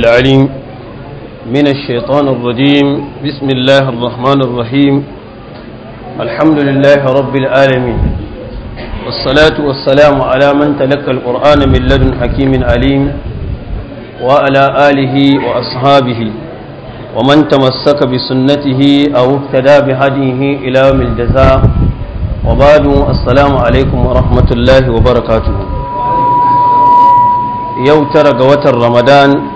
العليم من الشيطان الرجيم بسم الله الرحمن الرحيم الحمد لله رب العالمين والصلاة والسلام على من تلقى القرآن من لدن حكيم عليم وعلى آله وأصحابه ومن تمسك بسنته أو اهتدى بهديه إلى يوم الجزاء وبعد السلام عليكم ورحمة الله وبركاته يوتر قوة رمضان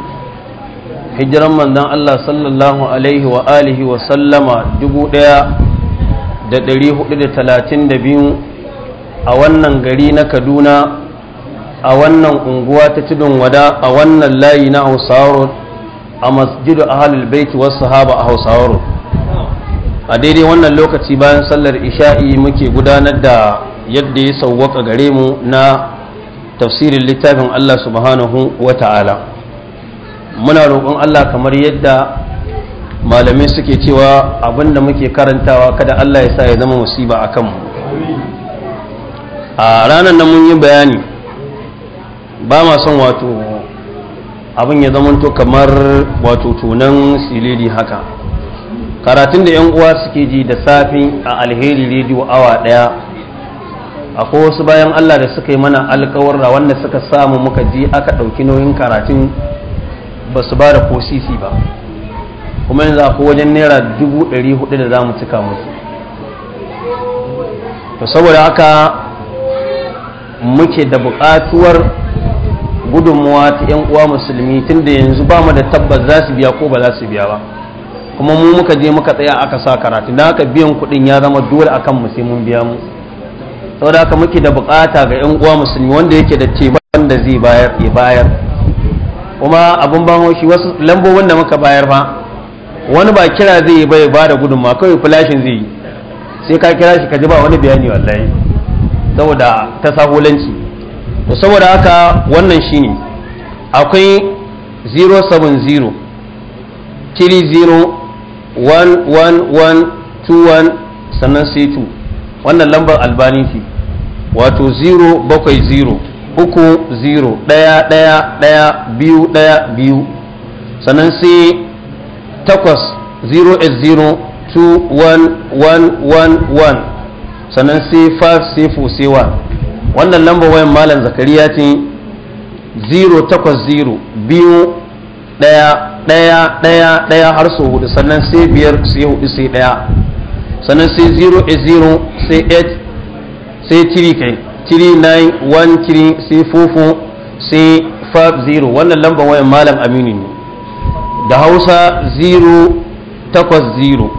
hijiran manzon Allah sallallahu alaihi wa alihi wa sallama biyu a wannan gari na Kaduna a wannan unguwa ta tudun wada a wannan layi na hausawaro a masjidu ahlul baiti wasu sahaba a hausawaro a daidai wannan lokaci bayan sallar isha'i muke gudanar da yadda ya sauwaka gare mu na tafsirin littafin Allah subhanahu wa ta'ala muna roƙon Allah kamar yadda malamai suke cewa abin da muke karantawa kada Allah ya sa ya zama musiba a kanmu a ranar nan mun yi bayani ba ma son wato abin ya zamanto kamar wato tunan silili haka karatun da 'yan uwa suke ji da safi a alheri rediyo awa ɗaya akwai wasu bayan Allah da suka yi mana alkawarra wanda suka samu muka ji aka ɗauki nauyin karatun ba su ba da ko ba kuma yanzu akwai wajen naira dubu ɗari hudu da za mu cika musu to saboda haka muke da bukatuwar gudunmuwa ta 'yan uwa musulmi tun da yanzu ba mu da tabbas za su biya ko ba za su biya ba kuma mu muka je muka tsaya aka sa karatu da aka biyan kuɗin ya zama dole akan mu sai mun biya mu saboda haka muke da bukata ga 'yan uwa musulmi wanda yake da teban da zai bayar ya bayar kuma abin ban haushi wasu lambobin da muka bayar fa wani ba kira zai yi bai ba da gudunma kawai filashin zai yi sai ka kira shi ka ji ba wani bayani wallahi saboda ta sahulanci to saboda haka wannan shine akwai 070 30 111 sannan sai 2 wannan lambar albani fi wato 070 uku zero ɗaya ɗaya ɗaya biyu ɗaya biyu sannan sai takwas zero eight zero two one one one one sannan sai five sai four sai one wannan lambar wayan malam zakariya ce zero takwas zero biyu ɗaya ɗaya ɗaya ɗaya har sau hudu sannan sai biyar sai hudu sai ɗaya sannan sai zero eight zero sai eight sai tiri kai 3913 wannan lambar wayan malam aminu ne da hausa 0 takwas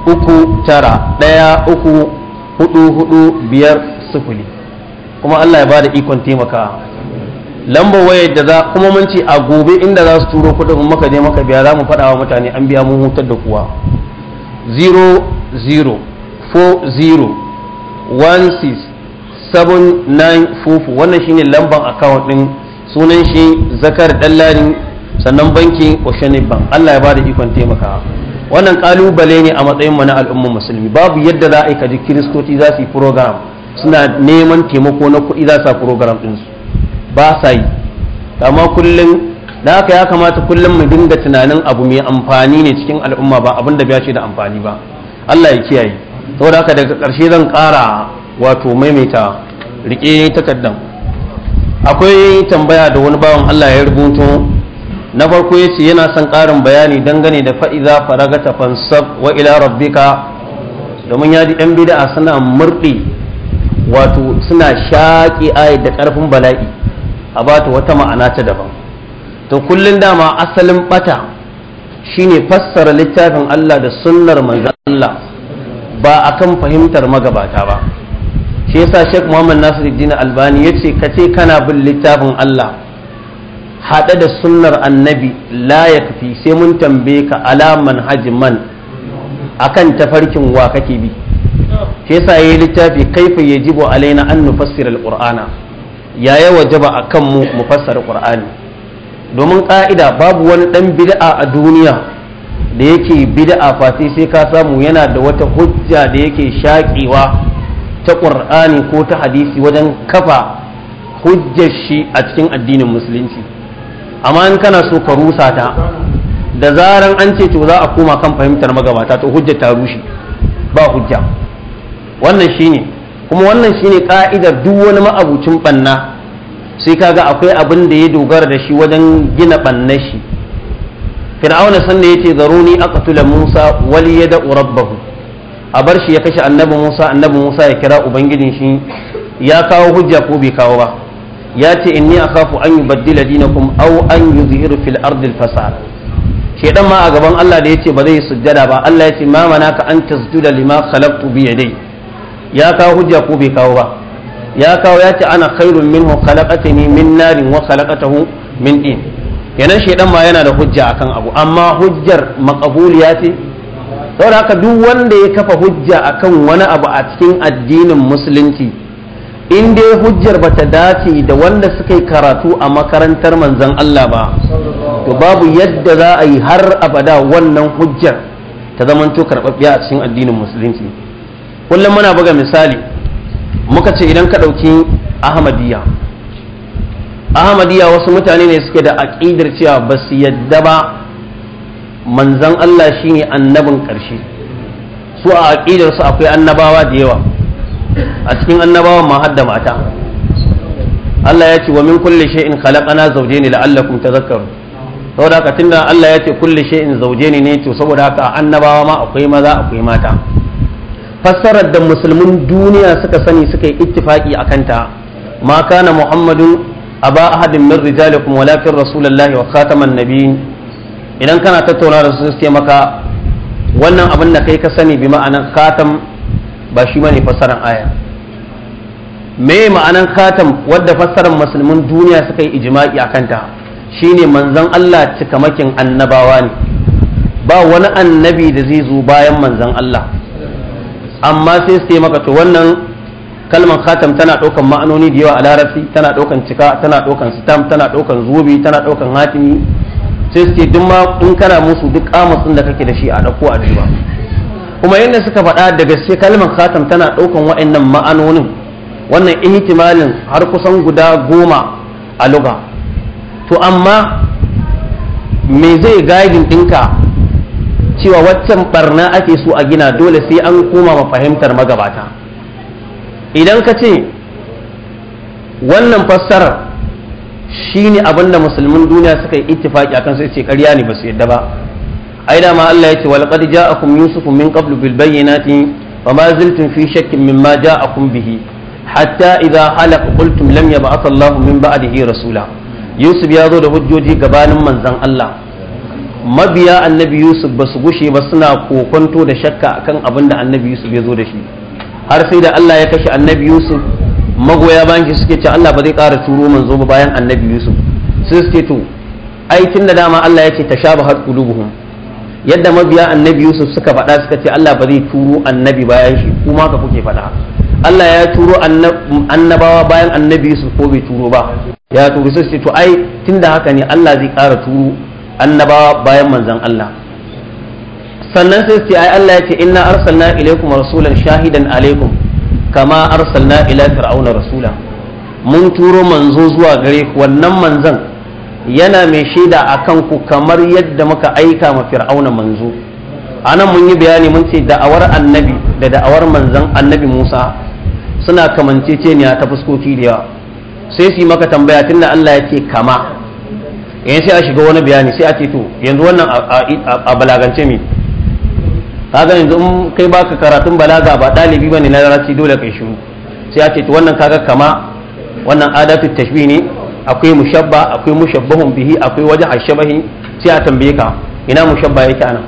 uku tara ɗaya uku hudu hudu biyar kuma Allah ya ba da ikon taimaka lambar wayar da za kuma mun ce a gobe inda za su turo kuɗin maka je maka biya za mu faɗa wa mutane an biya mun hutar da kuwa 00 40 16 7944 wannan shine lambar account din sunan shi zakar dallani sannan bankin oceanic bank Allah ya bada ikon taimakawa wannan kalubale ne a matsayin mana na al'ummar musulmi babu yadda za a yi kaji kiristoci za su yi program suna neman taimako na kuɗi za su program su ba sa yi amma kullum da haka ya kamata kullum mu dinga tunanin abu mai amfani ne cikin al'umma ba abin da ba ce da amfani ba Allah ya kiyaye saboda haka daga karshe zan kara. wato maimaita rike takaddan akwai tambaya da wani bawan Allah ya rubuto na farko ya ce yana son ƙarin bayani dangane da fa'iza faragata fansab wa ila rabbika domin ya ji ɗan bida suna murɗe wato suna shaƙi ayi da ƙarfin bala'i a ba ta wata ma'ana ta daban to kullum dama asalin ɓata shine fassara littafin Allah da sunnar manzon Allah ba akan fahimtar magabata ba shi yasa Sheikh Muhammad Nasiruddin Albani yace kace kana bin littafin Allah hada da sunnar annabi la yakfi sai mun tambaye ka alaman hajman akan tafarkin wa kake bi shi yasa yayi littafi kaifa yajibu alaina an nufassira alqur'ana ya yi wajaba akan mu mu fassara qur'ani domin ka'ida babu wani dan bid'a a duniya da yake bid'a fati sai ka samu yana da wata hujja da yake shaƙewa ta ƙur'ani ko ta hadisi wajen kafa hujjar shi a cikin addinin musulunci amma in kana so ka rusa ta da zaran an ce to za a koma kan fahimtar magabata to hujjar ta rushe ba hujja wannan shine kuma wannan shine ka'idar duk wani ma'abucin banna sai kaga akwai abin da ya dogara da shi wajen gina banna shi fir'auna sanda yace zaruni aqtula musa wal da rabbahu a bar shi ya kashe annabi Musa annabi Musa ya kira ubangijin shi ya kawo hujja ko bai kawo ba ya ce inni akhafu an yubaddila dinakum au an yuzhiru fil ardi al fasad shedan ma a gaban Allah da yace ba zai sujjada ba Allah ya ce ma manaka an tasjuda lima khalaqtu bi yadai ya kawo hujja ko bai kawo ba ya kawo ya ce ana khairun minhu khalaqatani min narin wa khalaqatahu min din kenan shedan ma yana da hujja akan abu amma hujjar maqbuliya ce saboda haka duk wanda ya kafa hujja akan wani abu a cikin addinin musulunci in dai hujjar ba ta dace da wanda suka yi karatu a makarantar manzan Allah ba to babu yadda za a yi har abada wannan hujjar ta zamanto karɓaɓɓiya a cikin addinin musulunci kullum muna buga misali muka ce idan ka ɗauki ahmadiyya ahmadiyya wasu mutane ne suke da aƙidar cewa ba su yadda ba manzan Allah ne annabin ƙarshe su a aƙidar su akwai annabawa da yawa a cikin annabawan ma da mata Allah ya ce wa min kulli shay'in khalaqana zawjayn la'allakum tadhakkarun saboda haka tunda Allah ya ce kulli shay'in zawjayn ne to saboda haka annabawa ma akwai maza akwai mata fassarar da musulmin duniya suka sani suka yi ittifaki akan ta ma kana muhammadu aba ahadin min rijalikum walakin rasulullahi wa khataman nabiyyin idan kana tattauna da su suke maka wannan abin da kai ka sani bi ma'anan katam ba shi ne fassarar aya me ma'anan katam wadda fassarar musulmin duniya suka yi ijma'i a kanta shine manzon Allah cikamakin annabawa ne ba wani annabi da zai zo bayan manzon Allah amma sai su maka to wannan kalmar khatam tana ɗaukan ma'anoni da yawa a larabci tana ɗaukan cika tana ɗaukan sitam tana ɗaukan zubi tana ɗaukan hatimi sai suke duk ma in kana musu duk kamus da kake da shi a dauko a duba kuma yadda suka faɗa da gaske kalmar khatam tana ɗaukan wa'annan ma'anonin wannan ihtimalin har kusan guda goma a luga to amma me zai gagin ɗinka cewa waccan barna ake so a gina dole sai an koma ma fahimtar magabata idan ka ce wannan fassarar shine abin da musulmin duniya suka yi ittifaki akan sai ce ƙarya ne ba su yadda ba ai da ma Allah ya ce wal qad ja'akum yusuf min qablu bil bayyinati wa ma zaltum fi shakkin mimma ja'akum bihi hatta idza halaq qultum lam yab'ath Allah min ba'dihi rasula yusuf ya zo da hujjoji gabanin manzon Allah mabiya annabi yusuf ba su gushe ba suna kokonto da shakka akan abin da annabi yusuf ya zo da shi har sai da allah ya kashe annabi yusuf magoya bayan ki suke ce Allah ba zai ƙara turo manzo ba bayan annabi Yusuf sai suke to ai tun da dama Allah ya ce har kulubuhum yadda mabiya annabi Yusuf suka faɗa suka ce Allah ba zai turo annabi bayan shi kuma ka kuke faɗa Allah ya turo annabawa bayan annabi Yusuf ko bai turo ba ya turo sai su ce to ai tun da haka ne Allah zai ƙara turo annabawa bayan manzon Allah sannan sai su ai Allah ya ce inna arsalna ilaykum rasulan shahidan alaykum. kama arsalna ila fir'auna rasula mun turo manzo zuwa gare ku wannan manzon yana mai shaida akan ku kamar yadda muka aika ma fir'auna manzo anan mun yi bayani mun ce da'awar annabi da da'awar manzon annabi Musa suna kamanceceniya ta fuskoki da yawa sai su yi maka tambaya tunda Allah ya ce kama yanzu eh, sai a shiga wani bayani sai a ce to yanzu wannan a balagance mai kaga yanzu in kai baka karatun balaga ba ɗalibi ba ne na larabci dole kai shiru sai a ce to wannan kaga kama wannan adatu tashbih ne akwai mushabba akwai mushabbahun bihi akwai wajen ashabahi sai a tambaye ka ina mushabba yake anan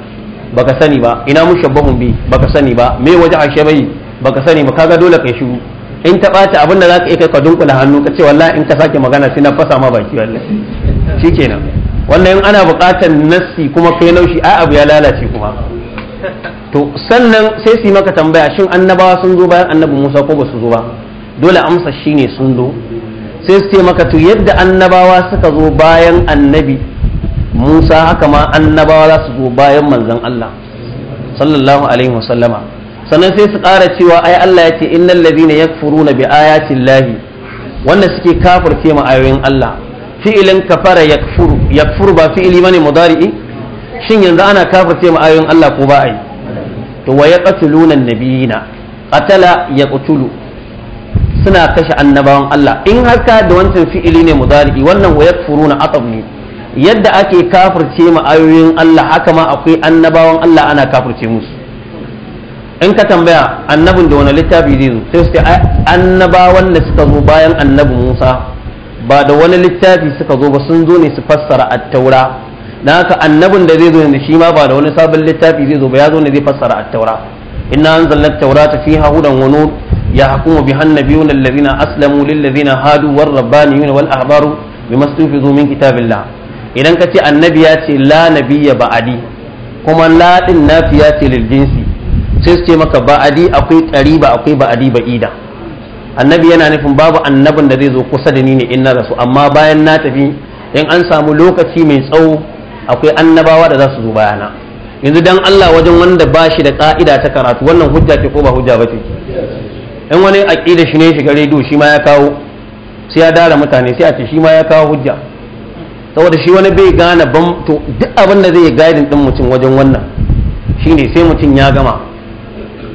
baka sani ba ina mushabbahun bihi baka sani ba me wajen ashabahi baka sani ba kaga dole kai shiru in ta ɓata abin da za ka iya kai ka dunkula hannu ka ce wallahi in ka sake magana sai na fasa ma baki wallahi shikenan wannan in ana buƙatar nassi kuma kai laushi a abu ya lalace kuma to sannan sai su yi maka tambaya shin annabawa sun zo bayan annabi Musa ko ba su zo ba dole amsa shine sun zo sai su ce maka to yadda annabawa suka zo bayan annabi Musa haka ma annabawa za su zo bayan manzon Allah sallallahu alaihi wasallama sannan sai su ƙara cewa ai Allah ya ce innal ladina yakfuruna bi ayati llahi wanda suke kafirce ma ayoyin Allah fi'ilin kafara yakfuru yakfuru ba fi'ili bane mudari'i shin yanzu ana kafirce ma ayoyin Allah ko ba ai to wa yaqtuluna nabiyina qatala yaqtulu suna kashe annabawan Allah in haka da wancan fi'ili ne mudari wannan wa yakfuruna atab ne yadda ake kafirce ma ayoyin Allah haka ma akwai annabawan Allah ana kafirce musu in ka tambaya annabin da wani littafi zai zo sai su ce annabawan da suka zo bayan annabi Musa ba da wani littafi suka zo ba sun zo ne su fassara at-taura na haka annabin da zai zo yanzu shi ma ba da wani sabon littafi zai zo ba ya zo ne zai fassara at-taura inna anzalna at-taurata fiha hudan wa nur yahkumu biha an-nabiyyun na aslamu lil hadu war rabbaniyun wal ahbaru bima zomin min kitabillah idan ka ce annabi ya ce la nabiyya ba'adi kuma la din nafiya ce lil sai su ce maka ba'adi akwai ba akwai ba'adi Ida annabi yana nufin babu annabin da zai zo kusa da ni ne in na rasu amma bayan na tafi in an samu lokaci mai tsawo akwai annabawa da za su zo bayana yanzu dan Allah wajen wanda ba shi da ka'ida ta karatu wannan hujja ce ko ba hujja ba ce in wani aqida shi ne shiga rediyo shi ma ya kawo sai ya dara mutane sai a ce shi ma ya kawo hujja saboda shi wani bai gane ban to duk abin da zai gaidin din mutum wajen wannan shine sai mutum ya gama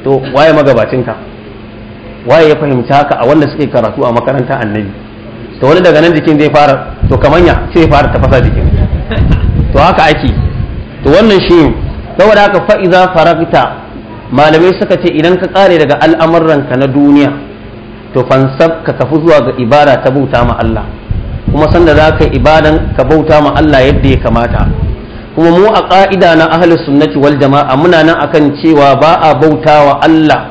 to waye ka waye ya fahimci haka a wanda suke karatu a makaranta annabi to wani daga nan jikin zai fara to kamanya sai fara tafasa jikin to haka ake to wannan shi saboda haka fa'iza faragta malamai suka ce idan ka kare daga ka na duniya to fansab ka kafi zuwa ga ibada ta bauta ma Allah kuma sanda za ka ibadan ka bauta ma Allah yadda ya kamata kuma mu a ka'ida na ahlus sunnati wal jama'a muna nan akan cewa ba a bauta wa Allah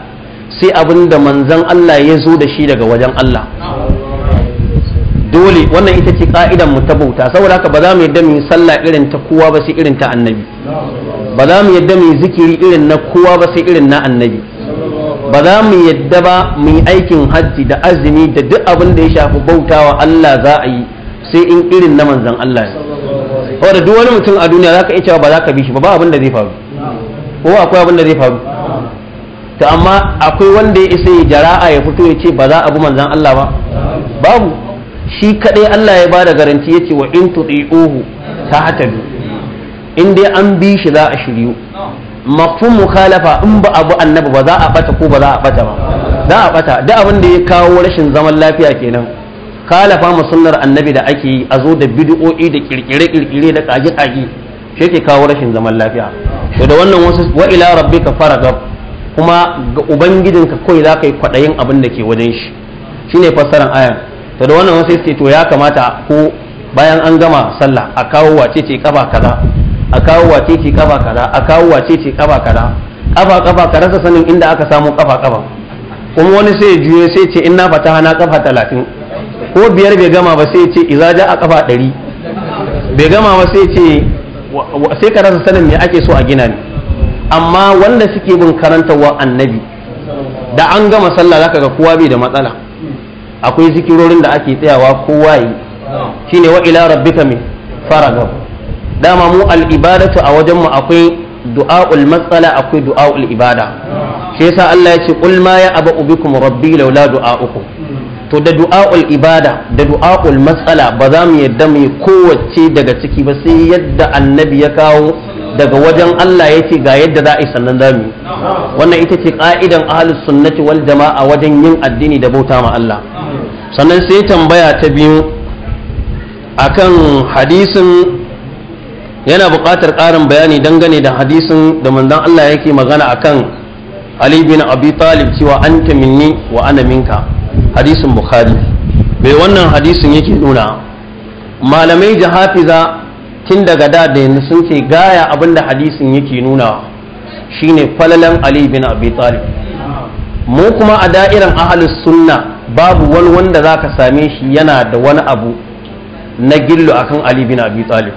sai abin da manzon Allah ya zo da shi daga wajen Allah dole wannan ita ce ka'idan mu ta bauta saboda haka ba za mu yadda mu yi sallah irin ta kowa ba sai irin ta annabi ba za mu yadda mu yi zikiri irin na kowa ba sai irin na annabi ba za mu yadda ba mu yi aikin hajji da azumi da duk abin da ya shafi bautawa Allah za a yi sai in irin na manzon Allah ne da duk wani mutum a duniya zaka iya cewa ba za ka bi shi ba ba abin da zai faru ko akwai abin da zai faru to amma akwai wanda ya isa ya jara'a ya fito ya ce ba za a bi manzon Allah ba babu shi kaɗai Allah ya bada garanti yace wa in tuti'uhu tahtadu in dai an bi shi za a shiryu mafhum mukhalafa in ba abu annabi ba za a bata ko ba za a bata ba za a bata duk abin da ya kawo rashin zaman lafiya kenan khalafa musunnar annabi da ake yi a zo da bid'o'i da kirkire kirkire da kage kage shi yake kawo rashin zaman lafiya to da wannan wasu wa ila rabbika gab, kuma ga ubangijinka kawai za ka yi kwaɗayin abin da ke wajen shi shine fassarar ayan da wannan wasu ce to ya kamata ko bayan an gama sallah a kawo wace ce kafa kaza a kawo wace ce kafa kaza a kawo wace ce kafa kaza kafa kafa ka rasa sanin inda aka samu kafa kafa kuma wani sai ya juye sai ce in na fata hana kafa talatin ko biyar bai gama ba sai ce iza ja a kafa ɗari bai gama ba sai ce sai ka rasa sanin me ake so a gina ne amma wanda suke bin wa annabi da an gama sallah zaka ga kowa bai da matsala akwai zikirorin da ake tsayawa kowa yi shine wa ila rabbika min Da dama mu al ibadatu a wajen mu akwai du'aul matsala akwai du'aul ibada shi yasa Allah ya ce qul ma ya abu bikum rabbi laula du'aukum to da du'aul ibada da du'aul matsala ba za mu yadda mu kowace daga ciki ba sai yadda annabi ya kawo daga wajen Allah ya ce ga yadda za a yi sannan za mu wannan ita ce ka'idan ahalus sunnati wal jama'a wajen yin addini da bauta ma Allah sannan sai tambaya ta biyu akan hadisin yana buƙatar ƙarin bayani dangane da hadisin da manzon Allah yake magana akan Ali bin Abi Talib cewa anta minni wa ana minka hadisin Bukhari Mai wannan hadisin yake nuna malamai da hafiza tun daga da da yanzu sun ce gaya abinda hadisin yake nuna shine falalan ali bin abi talib mu kuma a da'irin ahalus sunna babu wani wanda za ka same shi yana da wani abu na gillo akan ali bin abi talib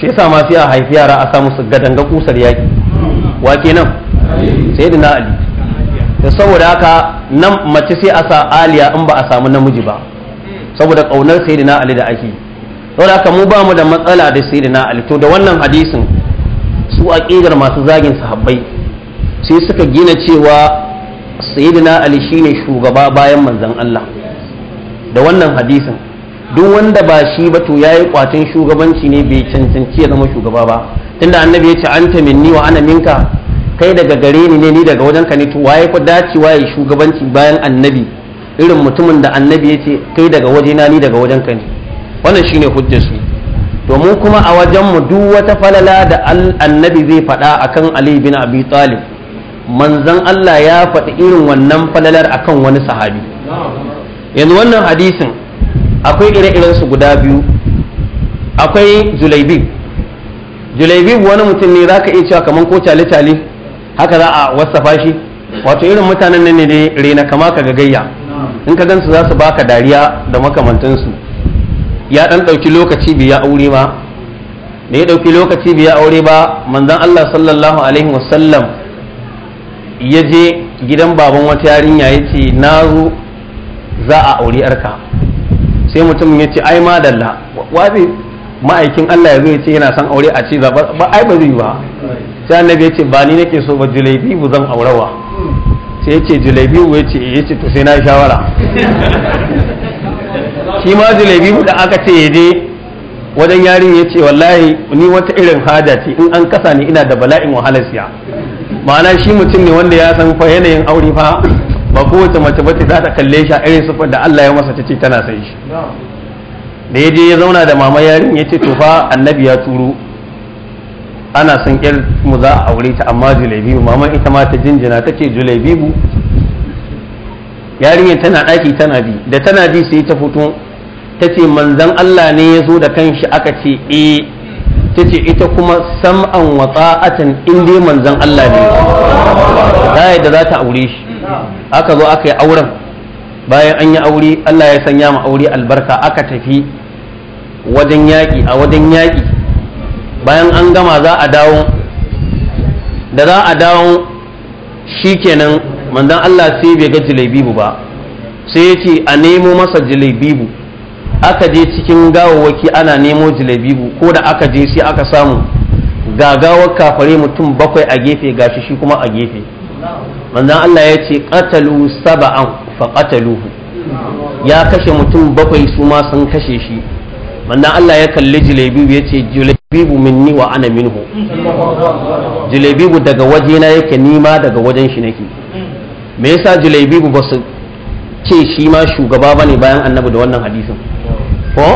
shi yasa ma sai a haifi yara a samu su gadanga kusar yaki wa kenan na ali da saboda haka nan mace sai a sa aliya in ba a samu namiji ba saboda kaunar na ali da ake yi saboda haka mu ba mu da matsala da sayyidina ali to da wannan hadisin su a ƙidar masu zagin sahabbai sai suka gina cewa sayyidina ali shine shugaba bayan manzon Allah da wannan hadisin duk wanda ba shi ba to yayi kwatin shugabanci ne bai cancanci ya zama shugaba ba tunda annabi ya ce anta minni wa ana minka kai daga gare ni ne ni daga wajen ka ne to waye ku dace waye shugabanci bayan annabi irin mutumin da annabi ya ce kai daga wajena ni daga wajen ka ne wannan shine hujjar su to mu kuma a wajen mu duk wata falala da annabi zai faɗa akan Ali bin Abi Talib manzon Allah ya faɗi irin wannan falalar akan wani sahabi yanzu wannan hadisin akwai ire-iren su guda biyu akwai Julaibib Julaibib wani mutum ne zaka iya cewa kaman ko tale-tale haka za a wasafa shi wato irin mutanen ne ne rena kama ka gayya in ka gansu za su baka dariya da makamantansu ya ɗan ɗauki lokaci biya aure ba da ya ɗauki lokaci biya aure ba manzon Allah sallallahu alaihi wasallam ya je gidan baban wata yarinya ya ce na zo za a aure arka sai mutum ya ce ai madalla wa ma'aikin Allah ya zo ya ce yana son aure a ce ba ai ba zai ba sai annabi ya ce ba ni nake so ba julaibi bu zan aurawa sai ya ce julaibi ya ce eh, ya ce to sai na shawara shi ma jalebi da aka ce ya je wajen yarin ya ce wallahi ni wata irin hada ce in an kasa ni ina da bala'in wahalar siya ma'ana shi mutum ne wanda ya san fa yanayin aure fa ba kowace mace bace za ta kalle shi a irin sufa da Allah ya masa ta ce tana san shi da ya je ya zauna da mama yarin ya ce to fa annabi ya turo ana son yar mu za a aure ta amma julebibu mama ita ma ta jinjina ta ce julebibu yarinyar tana ɗaki tana bi da tana bi sai ta fito ta ce manzan Allah ne ya zo da kanshi aka ce e eh, ta ce ita kuma sam'an wa tsa'atan in dai manzan Allah ne ta yadda za ta aure shi aka zo aka yi auren bayan an yi aure Allah ya sanya ma aure albarka aka tafi wajen yaƙi a wajen yaƙi bayan an gama za a dawo da za a dawo shikenan manzan Allah sai bai ga bibu ba sai ya ce a nemo masa bibu. aka je cikin gawawaki ana nemo jilabibu ko da aka je sai aka samu Ga gawar kafare mutum bakwai a gefe ga shi kuma a gefe manzan Allah ya ce qatalu saba'an fa ƙataluhu. ya kashe mutum bakwai su ma sun kashe shi manzan Allah ya kalli jilabibu ya ce jilabibu minni wa ana minhu jilabibu daga waje na yake nima daga wajen shi nake me yasa jilabibu ba su ce shi ma shugaba bane bayan annabi da wannan hadisin ko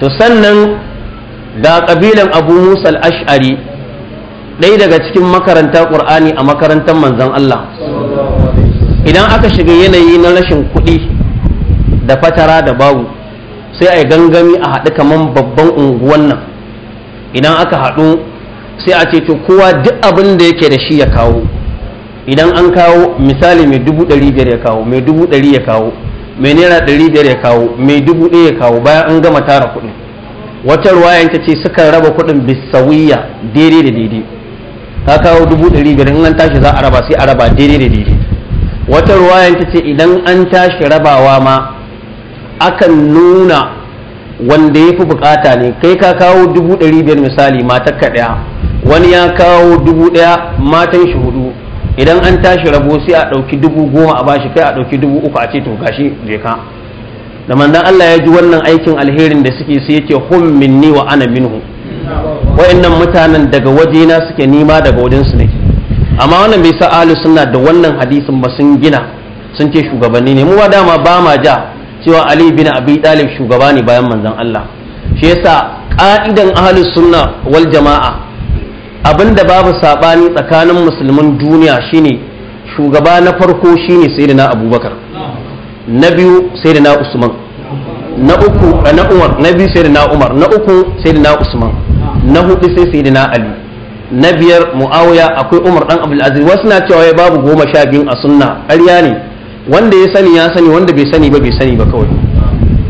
to sannan da kabilan abu musa al ash'ari ɗaya daga cikin makaranta ƙur'ani a makarantar manzon Allah idan aka shiga yanayi na rashin kuɗi da fatara da babu sai a gangami a haɗu kaman babban unguwan nan idan aka haɗu sai a ce to kowa duk abin da yake da shi ya kawo idan an kawo misali mai dubu ɗari biyar ya kawo mai dubu ɗari ya kawo mai naira ɗari biyar ya kawo mai dubu ɗaya ya kawo bayan an gama tara kuɗin wata ruwayan ta ce sukan raba kuɗin bisawiyya daidai da daidai ta kawo dubu ɗari biyar in an tashi za a raba sai a raba daidai da daidai wata ruwayan ta ce idan an tashi rabawa ma akan nuna wanda ya fi bukata ne kai ka kawo dubu ɗari biyar misali matar ka ɗaya wani ya kawo dubu ɗaya matan shi hudu idan an tashi rabo sai a ɗauki dubu goma a bashi kai a ɗauki dubu uku a ce to gashi je ka da Mandan Allah ya ji wannan aikin alherin da suke sai yake hum minni wa ana minhu wayannan mutanen daga wajena suke nima daga wajen su nake amma wannan bai sa ahlus sunna da wannan hadisin ba sun gina sun ce shugabanni ne mu ba dama ba ma ja cewa Ali bin Abi Talib shugaba ne bayan manzon Allah shi yasa ka'idan ahlus sunna wal jama'a abinda babu sabani tsakanin musulmin duniya shine shugaba na farko shine sayyidina abubakar na biyu sayyidina usman na uku eh, na umar na biyu sayyidina umar na uku sayyidina usman na hudu sai sayyidina ali na biyar muawiya akwai umar dan abdul aziz wasu na cewa ya babu goma sha biyun a sunna ƙarya ne wanda ya sani ya sani wanda bai sani ba bai sani ba kawai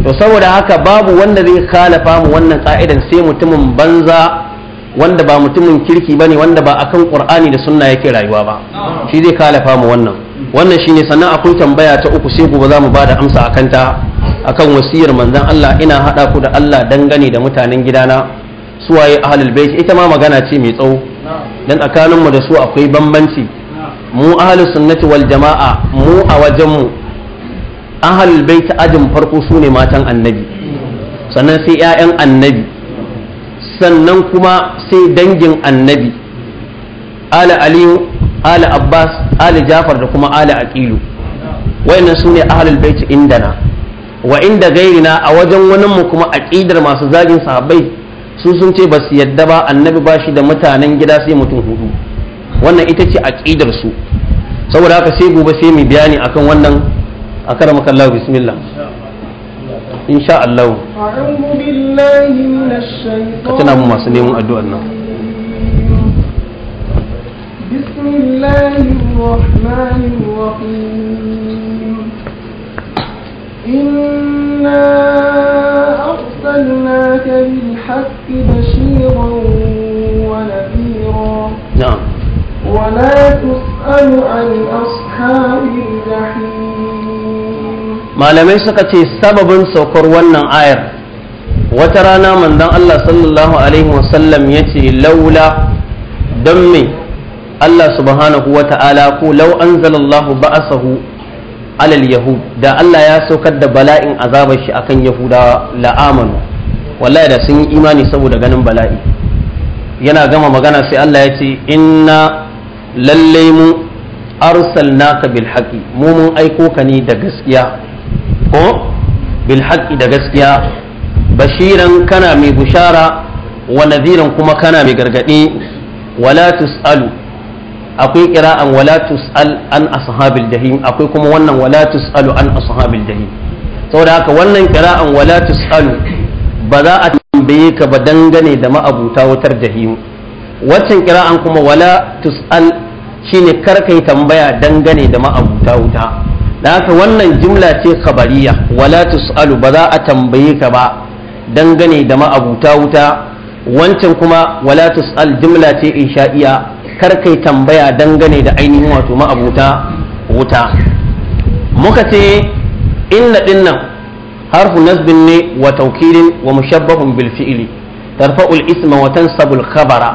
to saboda haka babu wanda zai khalafa mu wannan ka'idan sai mutumin banza wanda ba mutumin kirki bane wanda ba akan qur'ani da sunna yake rayuwa ba shi zai kalafa mu wannan wannan shine sannan akwai tambaya ta uku sai gobe zamu mu bada amsa akan ta akan wasiyar manzon Allah ina hada ku da Allah dangane da mutanen gidana su waye ahlul bait ita ma magana ce mai tsawo dan mu da su akwai bambanci mu ahlus sunnati wal jama'a mu a wajen mu ahlul bait ajin farko sune matan annabi sannan sai 'ya'yan annabi sannan kuma sai dangin annabi ala aliyu ala abbas ala jafar da kuma ala aqilu wayannan su ne ahlul bait indana wa inda gairina a wajen wannan mu kuma aqidar masu zagin sahabbai su sun ce ba su yadda ba annabi ba shi da mutanen gida sai mutum hudu wannan ita ce aqidar su saboda haka sai gobe sai mu bayani akan wannan a bismillah insha in sha Allah kacce namu masu neman addu’ar nan ولا تسأل عن أصحاب الجحيم malamai suka ce sababin saukar wannan ayar wata rana manzon Allah sallallahu alaihi wasallam ya ce laula don me Allah subhanahu wa ta'ala ko law anzalallahu ba'asahu alal yahud da Allah ya saukar da bala'in azabar shi akan yahudawa la'amanu wallahi da sun yi imani saboda ganin bala'i yana gama magana sai Allah ya ce inna lallai mu arsalnaka bil haqi mu mun aiko ka ne da gaskiya ko bil haqqi da gaskiya bashiran kana mai bushara wa nadhiran kuma kana mai gargadi wala tusalu akwai qira'an wala tusal an ashabil jahim akwai kuma wannan wala tusalu an ashabil jahim saboda haka wannan qira'an wala tusalu ba za a tambaye ka ba dangane da ma'abuta wutar jahimu waccan kira'an kuma wala tus'al shine kar kai tambaya dangane da ma'abuta wuta da haka wannan jimla ce khabariya wala tus'alu ba za a tambaye ka ba dangane da ma'abuta wuta wancan kuma wala tus'al jimla ce insha'iya kar kai tambaya dangane da ainihin wato ma'abuta wuta muka ce inna dinnan harfu nasbin ne wa taukilin wa mushabbahun bil fi'li tarfa'ul isma wa tansabul khabara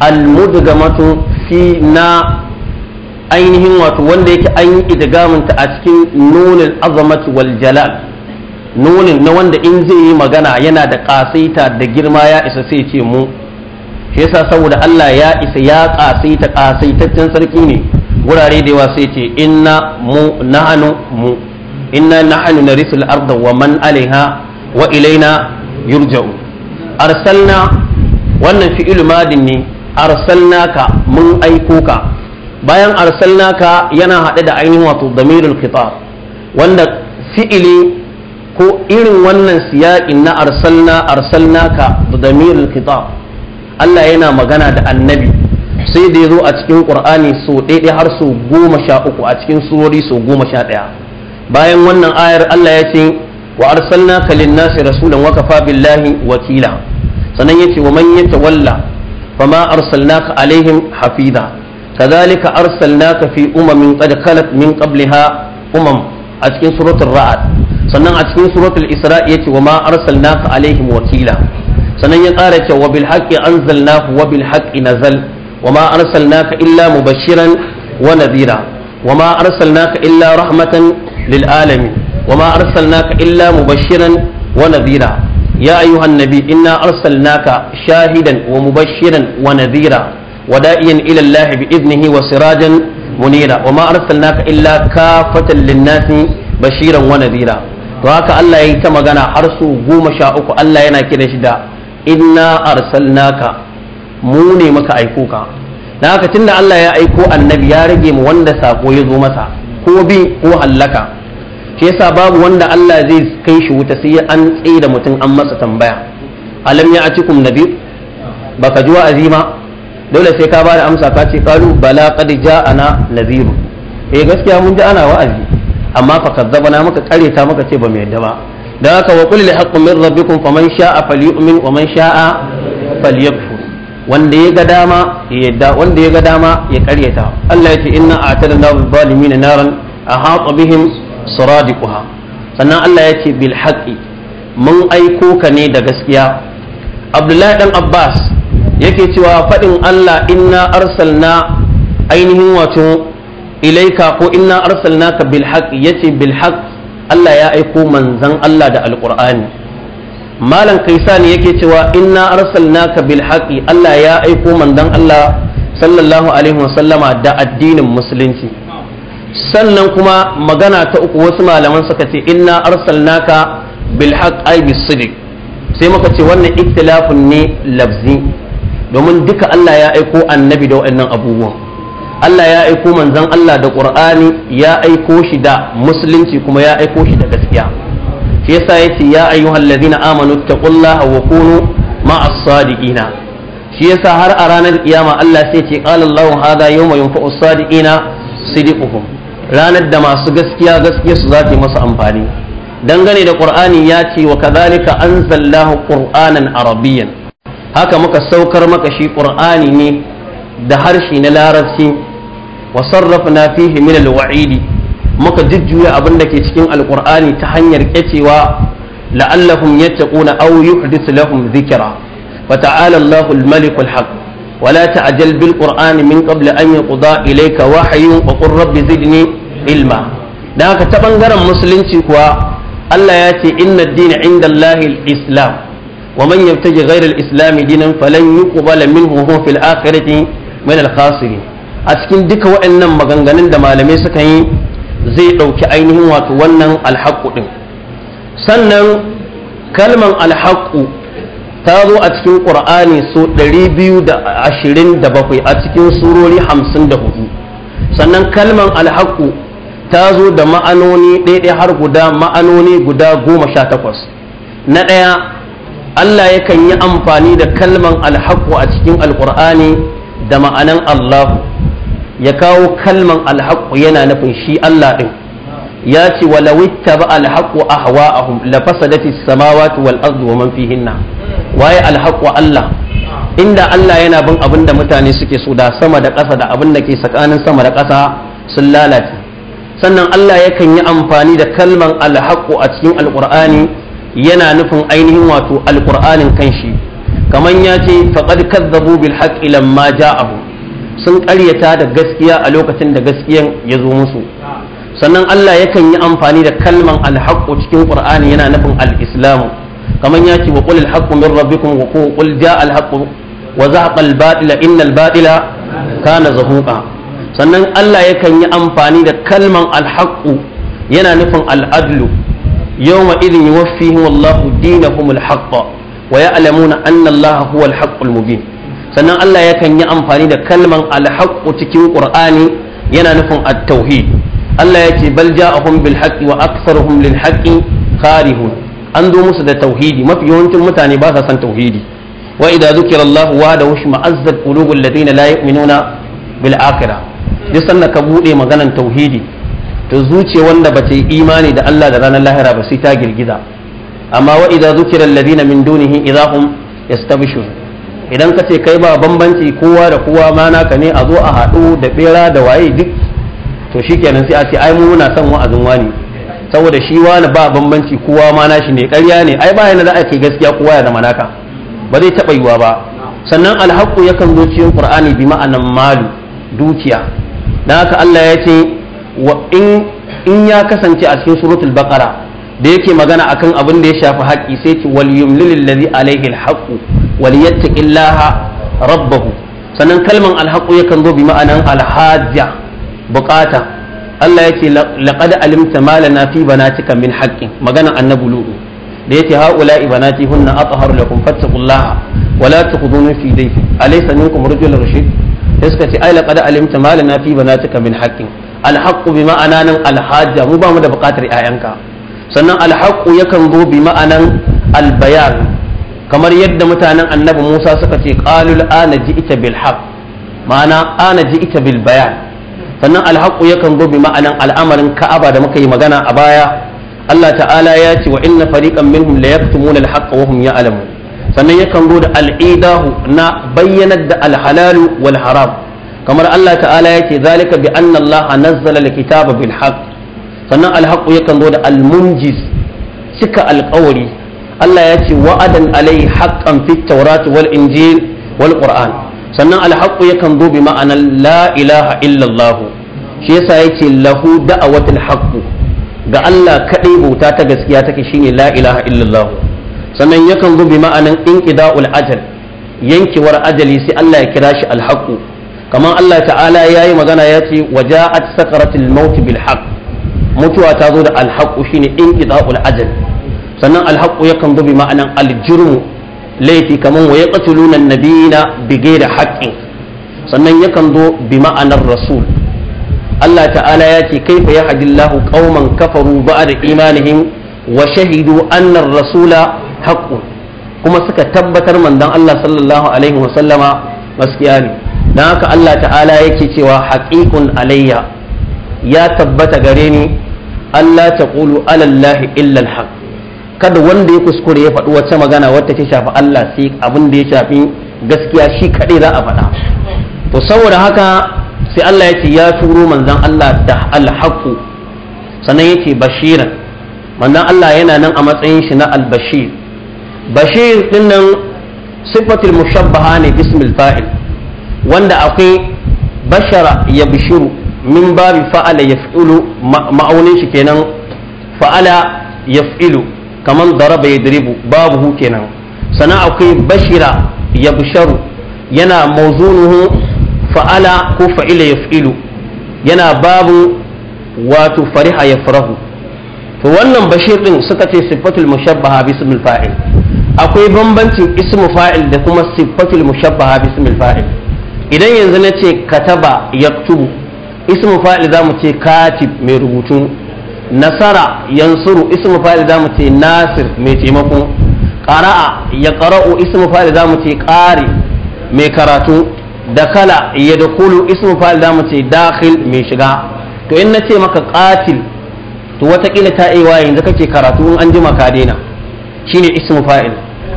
al mudgamatu fi na ainihin wato wanda yake an yi idgamunta a cikin nunin azamat wal jalal nunin na wanda in zai yi magana yana da ƙasaita da girma ya isa sai ce mu shi yasa saboda Allah ya isa ya ƙasaita ƙasaitaccen sarki ne wurare da yawa sai ce inna mu na'anu mu inna na'anu narisul arda wa man alaiha wa ilaina yurja'u arsalna wannan fi'il madin ne arsalnaka mun aiko ka bayan ka yana haɗe da ainihin wato damirul khitab wanda fi'ili ko irin wannan siyaƙi na arsalna ka da damirul khitab Allah yana magana da annabi sai da zo a cikin ƙur'ani so ɗaiɗai har so goma sha uku a cikin surori so goma sha ɗaya bayan wannan ayar Allah ya ce wa arsalna kalin nasi rasulan wa kafa billahi wakila sannan ya ce wa man ma fama arsalnaka alaihim hafiza kadhalika arsalnaka fi umamin qad khalat min qabliha umam a cikin suratul ra'd sannan a cikin suratul isra yace wa ma arsalnaka alaihim wakila sannan ya ƙara cewa bil haqqi anzalnahu wa bil haqqi nazal wa ma arsalnaka illa mubashiran wa nadhira wa ma arsalnaka illa rahmatan lil wa ma illa mubashiran ya nabi inna arsalnaka shahidan mubashiran wa ودائيا إلى الله بإذنه وسراجا منيرا وما أرسلناك إلا كافة للناس بشيرا ونذيرا وهكا الله يتم غنى حرسو قوم شاؤك الله ينا كده إنا أرسلناك موني مكا أيكوكا ناكا تند الله يا أيكو النبي يا رجي موندسا ويزو مسا هو بي هو هلكا shi yasa babu wanda Allah zai kai shi wuta sai an tsaye da mutum an masa tambaya alam ya atikum nabi baka ji wa'azi ba dole sai ka bada amsa ka ce qalu bala qad ja'ana nadhiru eh gaskiya mun ji ana wa'azi amma fa kadzabana muka kare ta muka ce ba mu yadda ba dan haka wa qul lil haqqi min rabbikum faman sha'a falyu'min wa man sha'a falyakfur wanda ya ga dama ya yadda wanda ya ga dama ya karyata Allah ya ce inna a'tadna lil zalimin naran ahata bihim suradiquha sannan Allah ya ce bil haqqi mun aiko ka ne da gaskiya Abdullahi dan Abbas yake cewa faɗin Allah inna arsalna ainihin wato ilaika ko inna arsalnaka ka haqq yace bil Allah ya aiko manzan Allah da alqur'ani malam kaisani yake cewa inna arsalnaka ka haqq Allah ya aiko manzan Allah sallallahu alaihi wasallama da addinin musulunci sannan kuma magana ta uku wasu malaman suka ce inna arsalnaka bil haqq ay bis sai muka ce wannan ikhtilafun ne lafzi domin duka Allah ya aiko annabi da waɗannan abubuwan Allah ya aiko manzon Allah da Qur'ani ya aiko shi da musulunci kuma ya aiko shi da gaskiya shi yasa yace ya ayyuhal ladina amanu taqullaha wa kunu ma'as sadiqina shi yasa har a ranar kiyama Allah sai ce qala Allahu hadha yawma yunfa'u sadiqina sidiquhum ranar da masu gaskiya gaskiya su za ta yi masa amfani dangane da Qur'ani ya ce wa kadhalika anzallahu qur'anan arabiyyan haka muka saukar maka shi ƙur'ani ne da harshe na larabci wa sarrafna fihi min alwa'idi muka jujjuya abin da ke cikin alƙur'ani ta hanyar kecewa la'allahum yattaquna aw yuhdith lahum dhikra wa ta'ala Allahu al-malik al-haq ولا تعجل بالقرآن من قبل أن يقضى إليك وحي وقل رب زدني علما da haka ta ɓangaren musulunci kuwa Allah ya ce inna dini inda Islam ومن يبتغي غير الاسلام دينا فلن يقبل منه وهو في الاخره من الخاسرين اسكن ديكا واننن مغانغانن دا مالمي سكان يي زي دوكي اينهن واتو wannan الحق ɗin sannan kalman alhaqu ta zo a cikin ƙur'ani ɗari qur'ani su 227 a cikin surori hudu sannan kalman alhaqu ta zo da ma'anoni ɗaya har guda ma'anoni guda goma sha takwas na ɗaya Allah yakan yi amfani da kalman alhaƙu a cikin Alƙur'ani, da ma'anan Allah ya kawo kalman alhaku yana nufin shi Allah ɗin ya ce walaw ittaba a Hawa la fasadati samawati wal ardu wa man fihinna waye alhaqu Allah inda Allah yana bin abin da mutane suke so da sama da ƙasa da abin da ke tsakanin sama da ƙasa sun lalace sannan Allah yakan yi amfani da kalman alhaƙu a cikin alkur'ani yana nufin ainihin wato alkur'anin kanshi kamar ya ce faqad kazzabu bil haqqi lamma ja'ahu sun ƙaryata da gaskiya a lokacin da gaskiyan ya zo musu sannan Allah yakan yi amfani da kalman alhaqqu cikin Qur'ani yana nufin al-islamu kamar ya ce wa qul alhaqqu min rabbikum wa qul ja'a alhaqqu wa zahaqa al-batila innal batila kana zahuqa sannan Allah yakan yi amfani da kalman alhaqqu yana nufin al-adlu yawma idin yuwaffihim Allahu dinahum al-haqq wa ya'lamuna anna Allah huwa sannan Allah yakan yi amfani da kalman al cikin Qur'ani yana nufin at-tauhid Allah ya ce bal ja'ahum bil haqqi wa aksar lil haqqi karihun an zo musu da tauhidi mafi yawancin mutane ba sa san tauhidi wa idza zukira Allah wa da wush ma'azzat qulubul ladina la yu'minuna bil akhirah duk sannan ka bude maganan tauhidi to zuciya wanda ba ta yi imani da Allah da ranar lahira ba sai ta girgiza amma wa idza zukira alladina min dunihi idza hum idan ka ce kai ba bambanci kowa da kowa ma naka ne a zo a haɗu da bera da waye duk to shikenan sai a ce ai mu muna son wa'azin wani saboda shi wani ba bambanci kowa ma nashi ne ƙarya ne ai ba yana za a gaskiya kowa ya zama naka ba zai taɓa yiwa ba sannan alhaƙu yakan zo cikin qur'ani bi ma'anan malu dukiya dan haka Allah ya ce in ya kasance a cikin suratul baqara da yake magana akan abin da ya shafi haƙƙi sai ce wal yumlil ladhi alayhi alhaqu wal yattaqillaha rabbahu sannan kalman alhaqu yakan zo bi ma'anan alhajja buƙata Allah ya ce laqad alimta ma lana fi banatika min haqqin magana annabi lu'u da yace haula ibanati hunna athharu lakum fattaqullaha wala tuqdunu fi dayfi alaysa minkum rajulun rashid sai suka ce ai laqad alimta ma lana fi banatika min haqqin alhaqu bi ma'ananan alhaja mu ba mu da buƙatar 'ya'yanka sannan alhaqu yakan zo bi ma'anan albayan kamar yadda mutanen annabi Musa suka ce qalul ana ji'ta bil haqq ma'ana ana ji'ta bil bayan sannan alhaqu yakan zo bi ma'anan al'amarin Ka'aba da muka yi magana a baya Allah ta'ala ya ce wa inna fariqan minhum la yaktumuna alhaqqa wa hum ya'lamun sannan yakan zo da al'idahu na bayyanar da alhalalu wal haram kamar Allah ta'ala yake zalika bi anna Allah nazzala kitaba bil haqq sannan alhaqu yakan zo da almunjis cika alƙawari Allah ya ce wa'adan alai haqqan fit tawrat wal injil wal qur'an sannan alhaqu yakan zo bi ma'ana la ilaha illa Allah shi yasa yake lahu da'awatul haqq ga Allah kadai bauta ta gaskiya take shine la ilaha illa Allah sannan yakan zo bi ma'anan inqida'ul ajal yankewar ajali sai Allah ya kira shi alhaƙu. kamar Allah ta'ala ya yi magana ya ce waja'at sakaratul maut bil haqq mutuwa ta zo da alhaqu shine inqida'ul ajal sannan alhaqu yakan zo bi ma'anan aljurmu laifi kamar wa yaqtuluna an-nabiyina bighairi haqqin sannan yakan zo bi ma'anar rasul Allah ta'ala ya ce kaifa yahdillahu qauman kafaru ba'da imanihim wa shahidu anna ar-rasula haqqun kuma suka tabbatar manzon Allah sallallahu alaihi wasallama gaskiya ne don haka Allah ta'ala yake cewa haƙiƙun alayya ya tabbata gare ni Allah ta ƙulu alallahi illal haq kada wanda ya kuskure ya faɗi wata magana wata ta shafi Allah sai abin da ya shafi gaskiya shi kaɗai za a faɗa to saboda haka sai Allah ya ce ya turo manzon Allah da alhaqu sannan ya ce bashiran manzon Allah yana nan a matsayin shi na albashir bashir dinnan sifatul mushabbaha ne bismil fa'il wanda akwai bashara ya bishiru min babi fa'ala ya fi'ilu ma'aunin shi kenan fa'ala ya fi'ilu kamar daraba ya diribu babu hu kenan sannan akwai bashira ya bisharu yana mauzunuhu fa'ala ko fa'ila ya fi'ilu yana babu wato fariha ya farahu to wannan bashir din suka ce siffatul mushabbaha bismil fa'il akwai bambancin ismu fa'il da kuma siffatul mushabbaha bismil fa'il idan yanzu na ce kataba yaktubu ismu fa'il za mu ce katib mai rubutu nasara yansuru ismu fa'il za mu ce nasir mai taimako qara'a ya qara'u ismu fa'il za mu ce qari mai karatu da kala ya dakulu ismu fa'il za mu ce dakhil mai shiga to in na ce maka qatil to watakila ta iya yanzu kake karatu in an jima ka daina shine ismu fa'il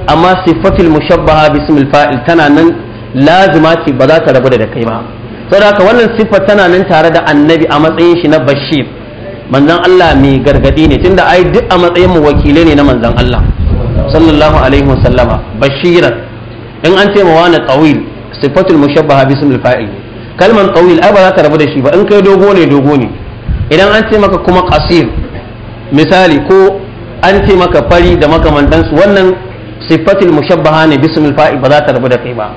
amma sifatul mushabbaha bismil fa'il tana nan lazima ce ba za ta rabu da kai ba saboda haka wannan siffar tana nan tare da annabi a matsayin shi na bashir manzon Allah mai gargadi ne tunda ai duk a matsayin mu wakilai ne na manzon Allah sallallahu alaihi wasallama bashiran in an ce mawana tawil sifatul mushabbaha ismil fa'il kalman tawil ai ba za ta rabu da shi ba in kai dogo ne dogo ne idan an ce maka kuma qasir misali ko an ce maka fari da makamantansu wannan sifatul mushabbaha ne ismil fa'il ba za ta rabu da kai ba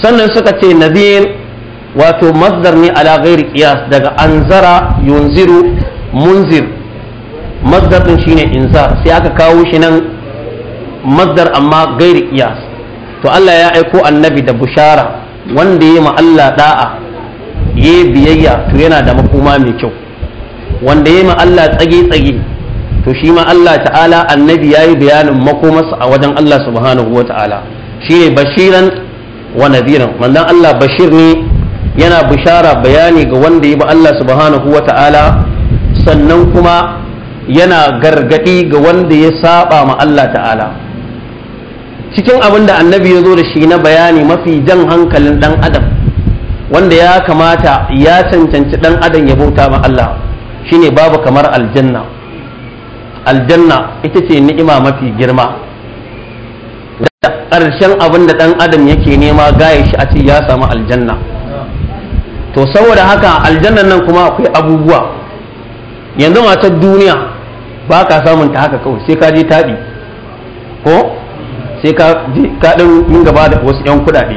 sannan suka ce nazir wato masdar ne ala ghairi qiyas daga anzara yunziru munzir masdar din shine inzar sai aka kawo shi nan masdar amma ghairi qiyas to Allah ya aiko annabi da bushara wanda ya ma Allah da'a ya biyayya to yana da makoma mai kyau wanda ya ma Allah tsage tsage to shi ma Allah ta'ala annabi ya yi bayanin makomarsa a wajen Allah subhanahu wa ta'ala shi ne bashiran wa nadhiran manzon Allah bashir ne yana bishara bayani ga wanda ya bi Allah subhanahu wa ta'ala sannan kuma yana gargadi ga wanda ya saba ma Allah ta'ala cikin abinda annabi ya zo da shi na bayani mafi jan hankalin dan adam wanda ya kamata ya cancanci dan adam ya bauta ma Allah shine babu kamar aljanna aljanna ita ce ni'ima mafi girma Da ƙarshen abin da ɗan adam yake nema gaya shi a ce ya samu aljanna to saboda haka aljannan nan kuma akwai abubuwa yanzu matar duniya ba ka samun ta haka kawai sai ka je taɗi ko sai ka ɗin yin gaba da wasu 'yan kuɗaɗe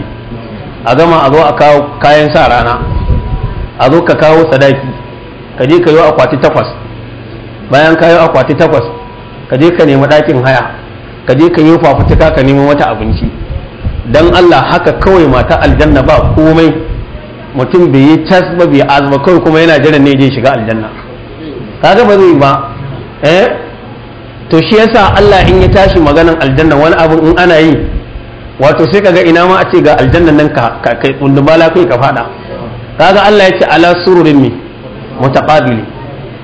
a gama a zo a kawo kayan sa rana a zo ka kawo sadaki ka je ka yi akwati takwas bayan ka yi akwati takwas ka je ka nemi ɗakin haya ka je ka yi fafutuka ka nemi wata abinci dan Allah haka kawai mata aljanna ba komai mutum bai yi tas ba bai azuma kawai kuma yana jiran ne je shiga aljanna kaga ba zai ba eh to shi yasa Allah in ya tashi maganan aljanna wani abu in ana yi wato sai kaga ina ma a ce ga aljanna nan ka kai kundubala kai ka fada kaga Allah ya ce ala sururin mi mutaqabili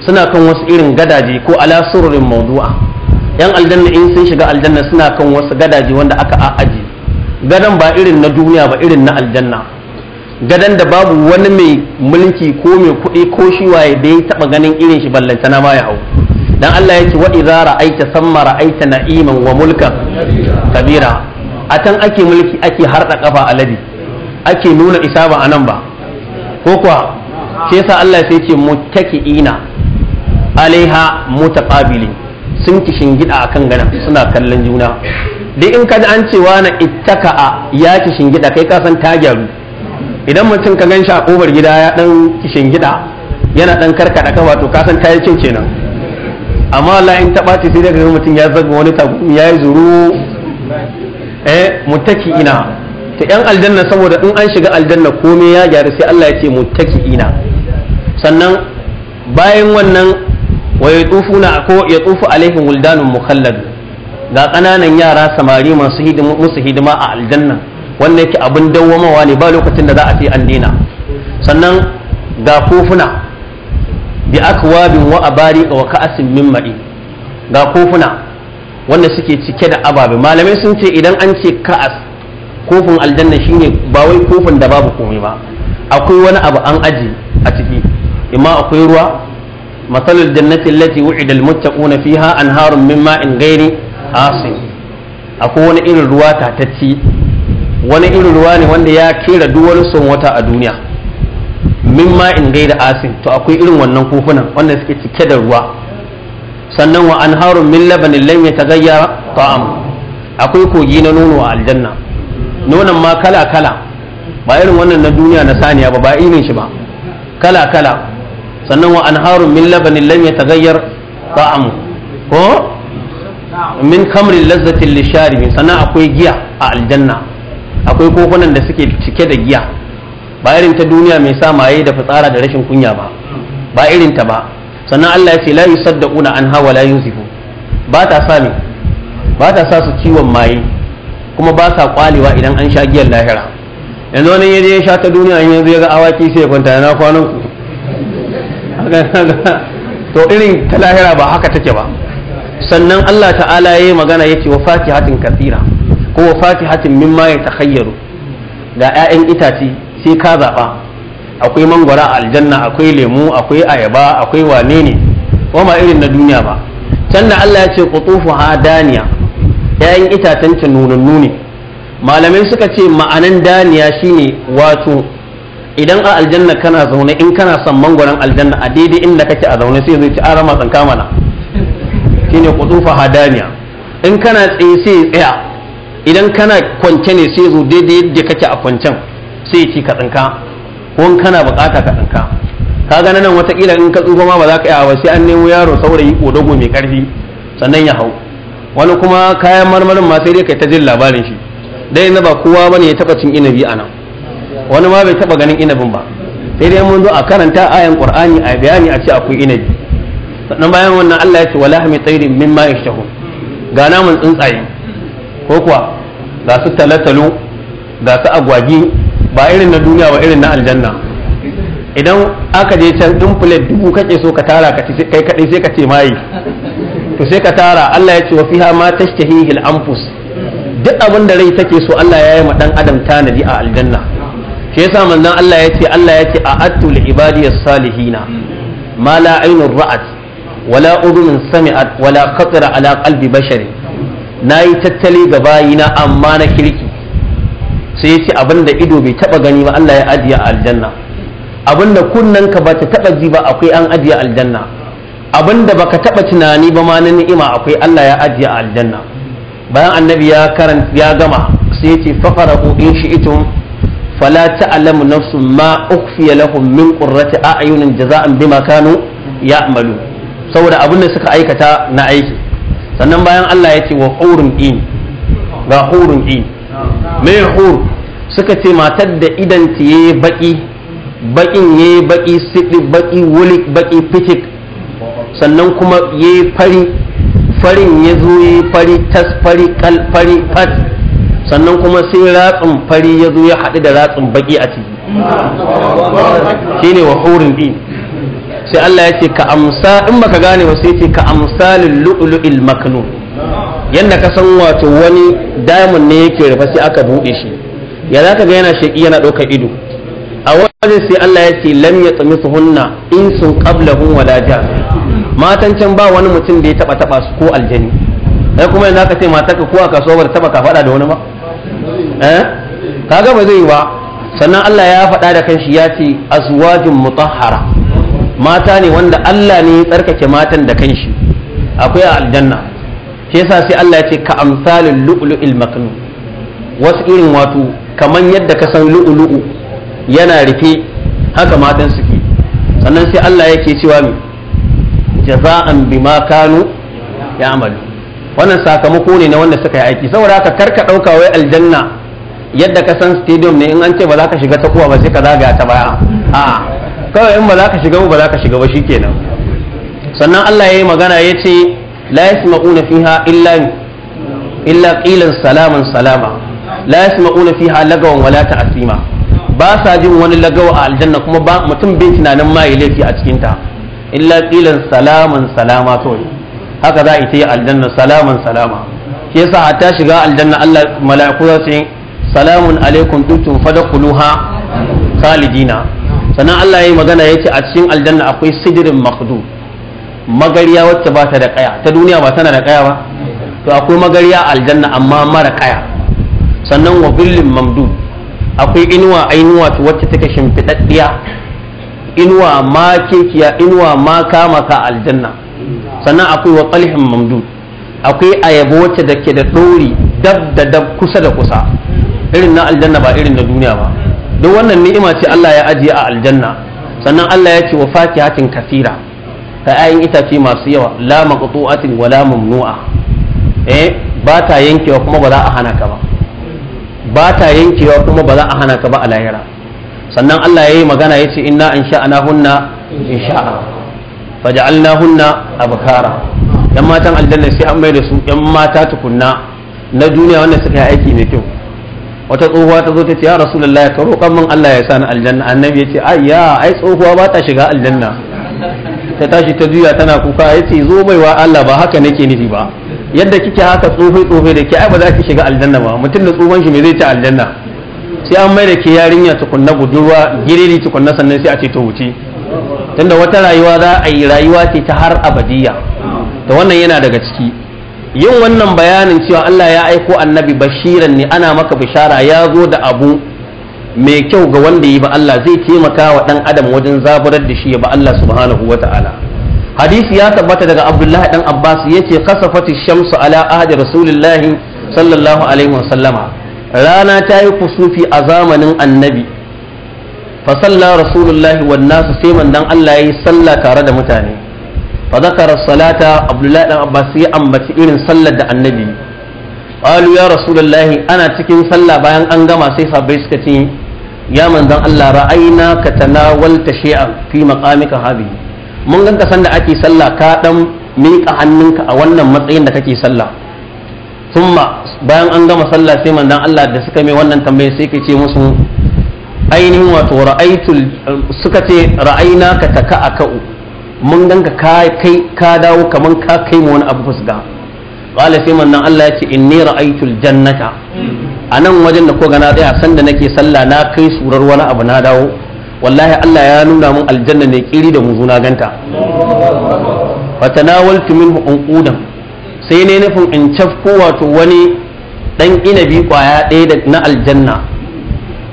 suna kan wasu irin gadaje ko ala sururin mawdu'a yan aljanna in sun shiga aljanna suna kan wasu gadaje wanda aka aji. gadan ba irin na duniya ba irin na aljanna gadan da babu wani mai mulki ko mai kuɗi ko shi waye da ya taɓa ganin irin shi na ma ya hau dan Allah yake wa idza ra'aita samma ra'aita na'iman wa mulkan kabira a can ake mulki ake harda kafa alade ake nuna isa ba anan ba ko kuwa sai yasa Allah sai ce muttaki'ina alaiha mutaqabilin sun kishin gida kan gana suna kallon juna dai in ka an cewa na ittaka ya kishin gida kai ka san ta gyaru idan mutum ka gan shi a kofar gida ya dan kishin gida yana dan karkada ka wato ka san ta yi kenan amma Allah in ta bace sai daga mutum ya zaga wani ta ya yi zuru eh mutaki ina ta yan aljanna saboda in an shiga aljanna komai ya gyara sai Allah ya ce mutaki ina sannan bayan wannan wa yatufuna ko yatufu alaihim wildanun mukhallad ga kananan yara samari masu hidima musu hidima a aljanna wannan yake abin dawwamawa ne ba lokacin da za a ce an dina sannan ga kofuna bi akwabin wa abari wa ka'asin min ma'i ga kofuna wanda suke cike da ababe malamai sun ce idan an ce ka'as kofin aljanna shine ba wai kofin da babu komai ba akwai wani abu an aji a ciki imma akwai ruwa masalul jannati na wu'ida almuttaquna fiha anharun min ma'in ghairi asin akwai wani irin ruwa tatacci wani irin ruwa ne wanda ya kera duk wani son wata a duniya min ma'in ghairi asin to akwai irin wannan kofunan wanda suke cike da ruwa sannan wa anharun min labanin lam yataghayyara ta'am akwai kogi na nono a aljanna nonon ma kala kala ba irin wannan na duniya na saniya ba ba irin shi ba kala kala sannan wa anharun min labanin lam yataghayyar ta'amu ko min kamri lazzatin lisharibi sannan akwai giya a aljanna akwai kofunan da suke cike da giya ba irin ta duniya mai sa maye da fitsara da rashin kunya ba ba irin ta ba sannan Allah ya ce la yusaddaquna anha wa la yunzifu ba ta sa ne ba ta sa su ciwon maye kuma ba sa kwalewa idan an sha giyar lahira yanzu wani yaje ya sha ta duniya yanzu ya ga awaki sai ya kwanta yana kwanan ku to irin ta lahira ba haka take ba sannan Allah ta'ala yayi magana yake wa fatihatin kathira ko wa fatihatin mimma takhayyaru ga 'ya'yan itace sai ka zaba akwai mangwara a aljanna akwai lemu akwai ayaba akwai wane ne ko ma irin na duniya ba can da Allah ya ce qutufu ha daniya 'ya'yan itacen ta nunannu ne malamai suka ce ma'anan daniya shine wato idan a aljanna kana zaune in kana son mangwaron aljanna a daidai inda kake a zaune sai zai ci arama tsanka mana shine tsufa hadaniya in kana tsaye sai ya tsaya idan kana kwance ne sai zo daidai yadda kake a kwancen sai ci ka tsinka ko in kana bukata ka tsinka ka ga nan watakila in ka tsufa ma ba za ka yi ba sai an nemo yaro saurayi kodogo mai karfi sannan ya hau wani kuma kayan marmarin ma sai dai kai ta jin labarin shi dai na ba kowa bane ya taba cin inabi a nan wani ma bai taba ganin inabin ba sai dai mun zo a karanta ayan qur'ani a bayani a ce akwai inabi sannan bayan wannan Allah ya ce wala hami tsairin mimma yashtahun ga namun tsuntsaye ko kuwa ga su talatalo ga su agwagi ba irin na duniya ba irin na aljanna idan aka je can din plate dubu kake so ka tara ka kai kadai sai ka ce mai to sai ka tara Allah ya ce wa fiha ma tashtahihi al-anfus duk abin da rai take so Allah ya yi ma dan adam tanadi a aljanna shi yasa manzon Allah ya ce Allah ya ce a attul ibadiyas salihina ma la ainur ra'at wala udhun sami'at wala qatara ala qalbi bashari nayi tattali ga bayina amma na kirki sai yace abinda ido bai taba gani ba Allah ya ajiye aljanna abinda kunnen ka ba ta taba ji ba akwai an ajiye aljanna abinda baka taba tunani ba ma na ni'ima akwai Allah ya ajiye aljanna bayan annabi ya karanta ya gama sai yace faqara in shi'tum فلا تعلم نفس ما ukhfiya لهم من قرة a'yunin جزاء بما كانوا ya'malu saboda abin da suka aikata na aiki sannan bayan Allah ya ce wa hurun in ga hurun in me hur suka ce matar da idan ta yi baki bakin yi baki sidi baki wulik baki fitik sannan kuma yi fari farin ya zo yi fari tas fari kal fari fat sannan kuma sai ratsin fari ya zo ya haɗu da ratsin baki a ciki Shi ne wa hurin din sai Allah ya ce ka amsa in baka gane ba sai ce ka amsa lu'lu'il maknun Yadda ka san wato wani diamond ne yake rufe sai aka buɗe shi ya zaka ga yana sheki yana ɗaukar ido a wajen sai Allah ya ce lam sun ƙabla qablahum wala ja. matan can ba wani mutum da ya taɓa-taɓa su ko aljani sai kuma yanzu aka ce matarka ko a kasuwa ba ta taɓa ka faɗa da wani ba Ka eh? kaga ba zai yi ba sannan Allah ya faɗa da kanshi ya ce azwajun mutahhara mata ne wanda Allah ne ya tsarkake matan da kanshi akwai a aljanna shi yasa sai Allah ya ce ka amsalin lu'lu'il maknun wasu irin wato kaman yadda ka san lu'lu'u yana rufe haka matan suke sannan sai Allah yake cewa mi jaza'an bima kanu ya amalu wannan sakamako ne na wanda suka yi aiki saboda haka karka ɗauka wai aljanna yadda ka san stadium ne in an ce ba za ka shiga ta kuwa ba sai ka zaga ta baya a kawai in ba za ka shiga ba za ka shiga ba shikenan sannan Allah ya yi magana ya ce la yasma'una fiha illa illa qilan salaman salama la yasma'una fiha lagawan wala ta'sima ba sa jin wani lagawa a aljanna kuma ba mutum bai tunanin ma ya laifi a cikin ta illa qilan salaman salama to haka za a yi aljanna salaman salama shi yasa a ta shiga aljanna Allah mala'iku za su yi salamun alaikum duktum fadkhuluha khalidina sannan Allah ya yi magana ya ce a cikin aljanna akwai sidirin maqdu magariya wacce ba ta da kaya ta duniya ba tana da kaya ba to akwai magariya aljanna amma mara kaya sannan wa billin mamdu akwai inuwa ainuwa wacce take shimfiɗaɗɗiya inuwa ma kekiya inuwa ma kama ka aljanna sannan akwai wa qalhin mamdud akwai ayaba wacce da ke da ɗori dab da dab kusa da kusa irin na aljanna ba irin na duniya ba duk wannan ni'ima ce Allah ya ajiye a aljanna sannan Allah ya ce wa fakihatin kasira ta ayin itace masu yawa la maqtu'atin wala mamnu'a eh ba ta yankewa kuma ba za a hana ka ba ba ta yankewa kuma ba za a hana ka ba a lahira sannan Allah ya yi magana ya ce inna an sha'ana hunna in sha'a faja'alna hunna abkara yan matan aljanna sai an mai da su yan mata tukunna na duniya wanda suka yi aiki mai kyau wata tsohuwa ta zo ta ce ya rasulullahi ka roƙon min Allah ya sani aljanna annabi ya ce ai ya ai tsohuwa ba ta shiga aljanna ta tashi ta juya tana kuka ya ce zo mai wa Allah ba haka nake nufi ba yadda kike haka tsohuwa tsohuwa da ke ai ba za ki shiga aljanna ba mutum da tsohon shi me zai ci aljanna sai an mai da ke yarinya tukunna budurwa giriri tukunna sannan sai a ce ta wuce tunda wata rayuwa za a yi rayuwa ce ta har abadiya da wannan yana daga ciki yin wannan bayanin cewa Allah ya aiko annabi bashiran ne ana maka bishara ya zo da abu mai kyau ga wanda yi ba Allah zai taimaka wa ɗan adam wajen zaburar da shi ya ba Allah subhanahu wa ta'ala. hadisi ya tabbata daga Abdullahi dan Abbas ya kasa kasafati shamsu ala ahadi rasulillahi sallallahu alaihi wasallama rana ta yi kusufi a zamanin annabi fasalla rasulullahi wannan nasu sai mandan Allah ya yi sallah tare da mutane fa zakara salata abdullahi dan abbas ya ambaci irin sallar da annabi qalu ya rasulullahi ana cikin sallah bayan an gama sai sahabbai suka ce ya manzon Allah ra'ayna ka tanawalta shay'an fi maqamika hadi mun ganka sanda ake sallah ka dan miƙa hannunka a wannan matsayin da kake sallah thumma bayan an gama sallah sai manzon Allah da suka mai wannan tambaye sai ce musu ainihin wato ra'aitul suka ce ra'ayna ka taka'aka mun ganka ka kai ka dawo kaman ka kai mu wani abu fusga qala sai mannan Allah ya ce inni ra'aytul jannata anan wajen da ko ga na tsaya san da nake sallah na kai surar wani abu na dawo wallahi Allah ya nuna mun aljanna ne kiri da mu na ganta fatanawaltu minhu unqudan sai ne nufin in cafko wato wani dan inabi kwaya ɗaya na aljanna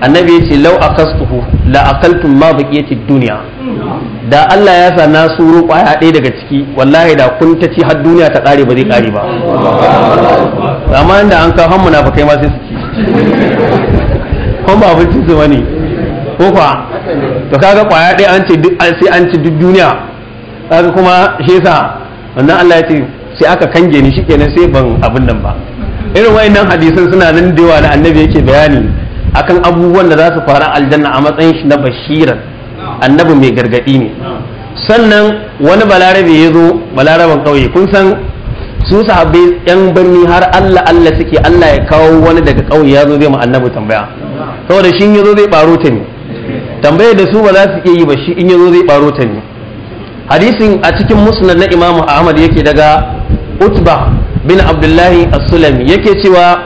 annabi ya ce lau akastuhu la akaltum ma baqiyatid duniya. da Allah ya sa na suru kwaya ɗaya daga ciki wallahi da kun ta ci har duniya ta ƙare ba zai ƙare ba amma inda an kawo hannu na fakai ma sai su ci kuma ba abincin su ne. ko fa to kaga kwaya ɗaya an ce sai an ci duk duniya kaga kuma shi yasa wannan Allah ya ce sai aka kange ni shikenan sai ban abin nan ba irin wayannan hadisan suna nan da yawa da annabi yake bayani akan abubuwan da za su faru aljanna a matsayin shi na bashiran annabi mai gargadi ne sannan wani balarabe ya zo balaraban kauye kun san su sahabbai yan birni har Allah Allah suke Allah ya kawo wani daga kauye ya zo zai ma annabi tambaya saboda shi ya zo zai baro ta ne tambayar da su ba za su iya yi ba shi in ya zo zai baro ta ne hadisin a cikin musnad na imam ahmad yake daga utba bin abdullahi as-sulami yake cewa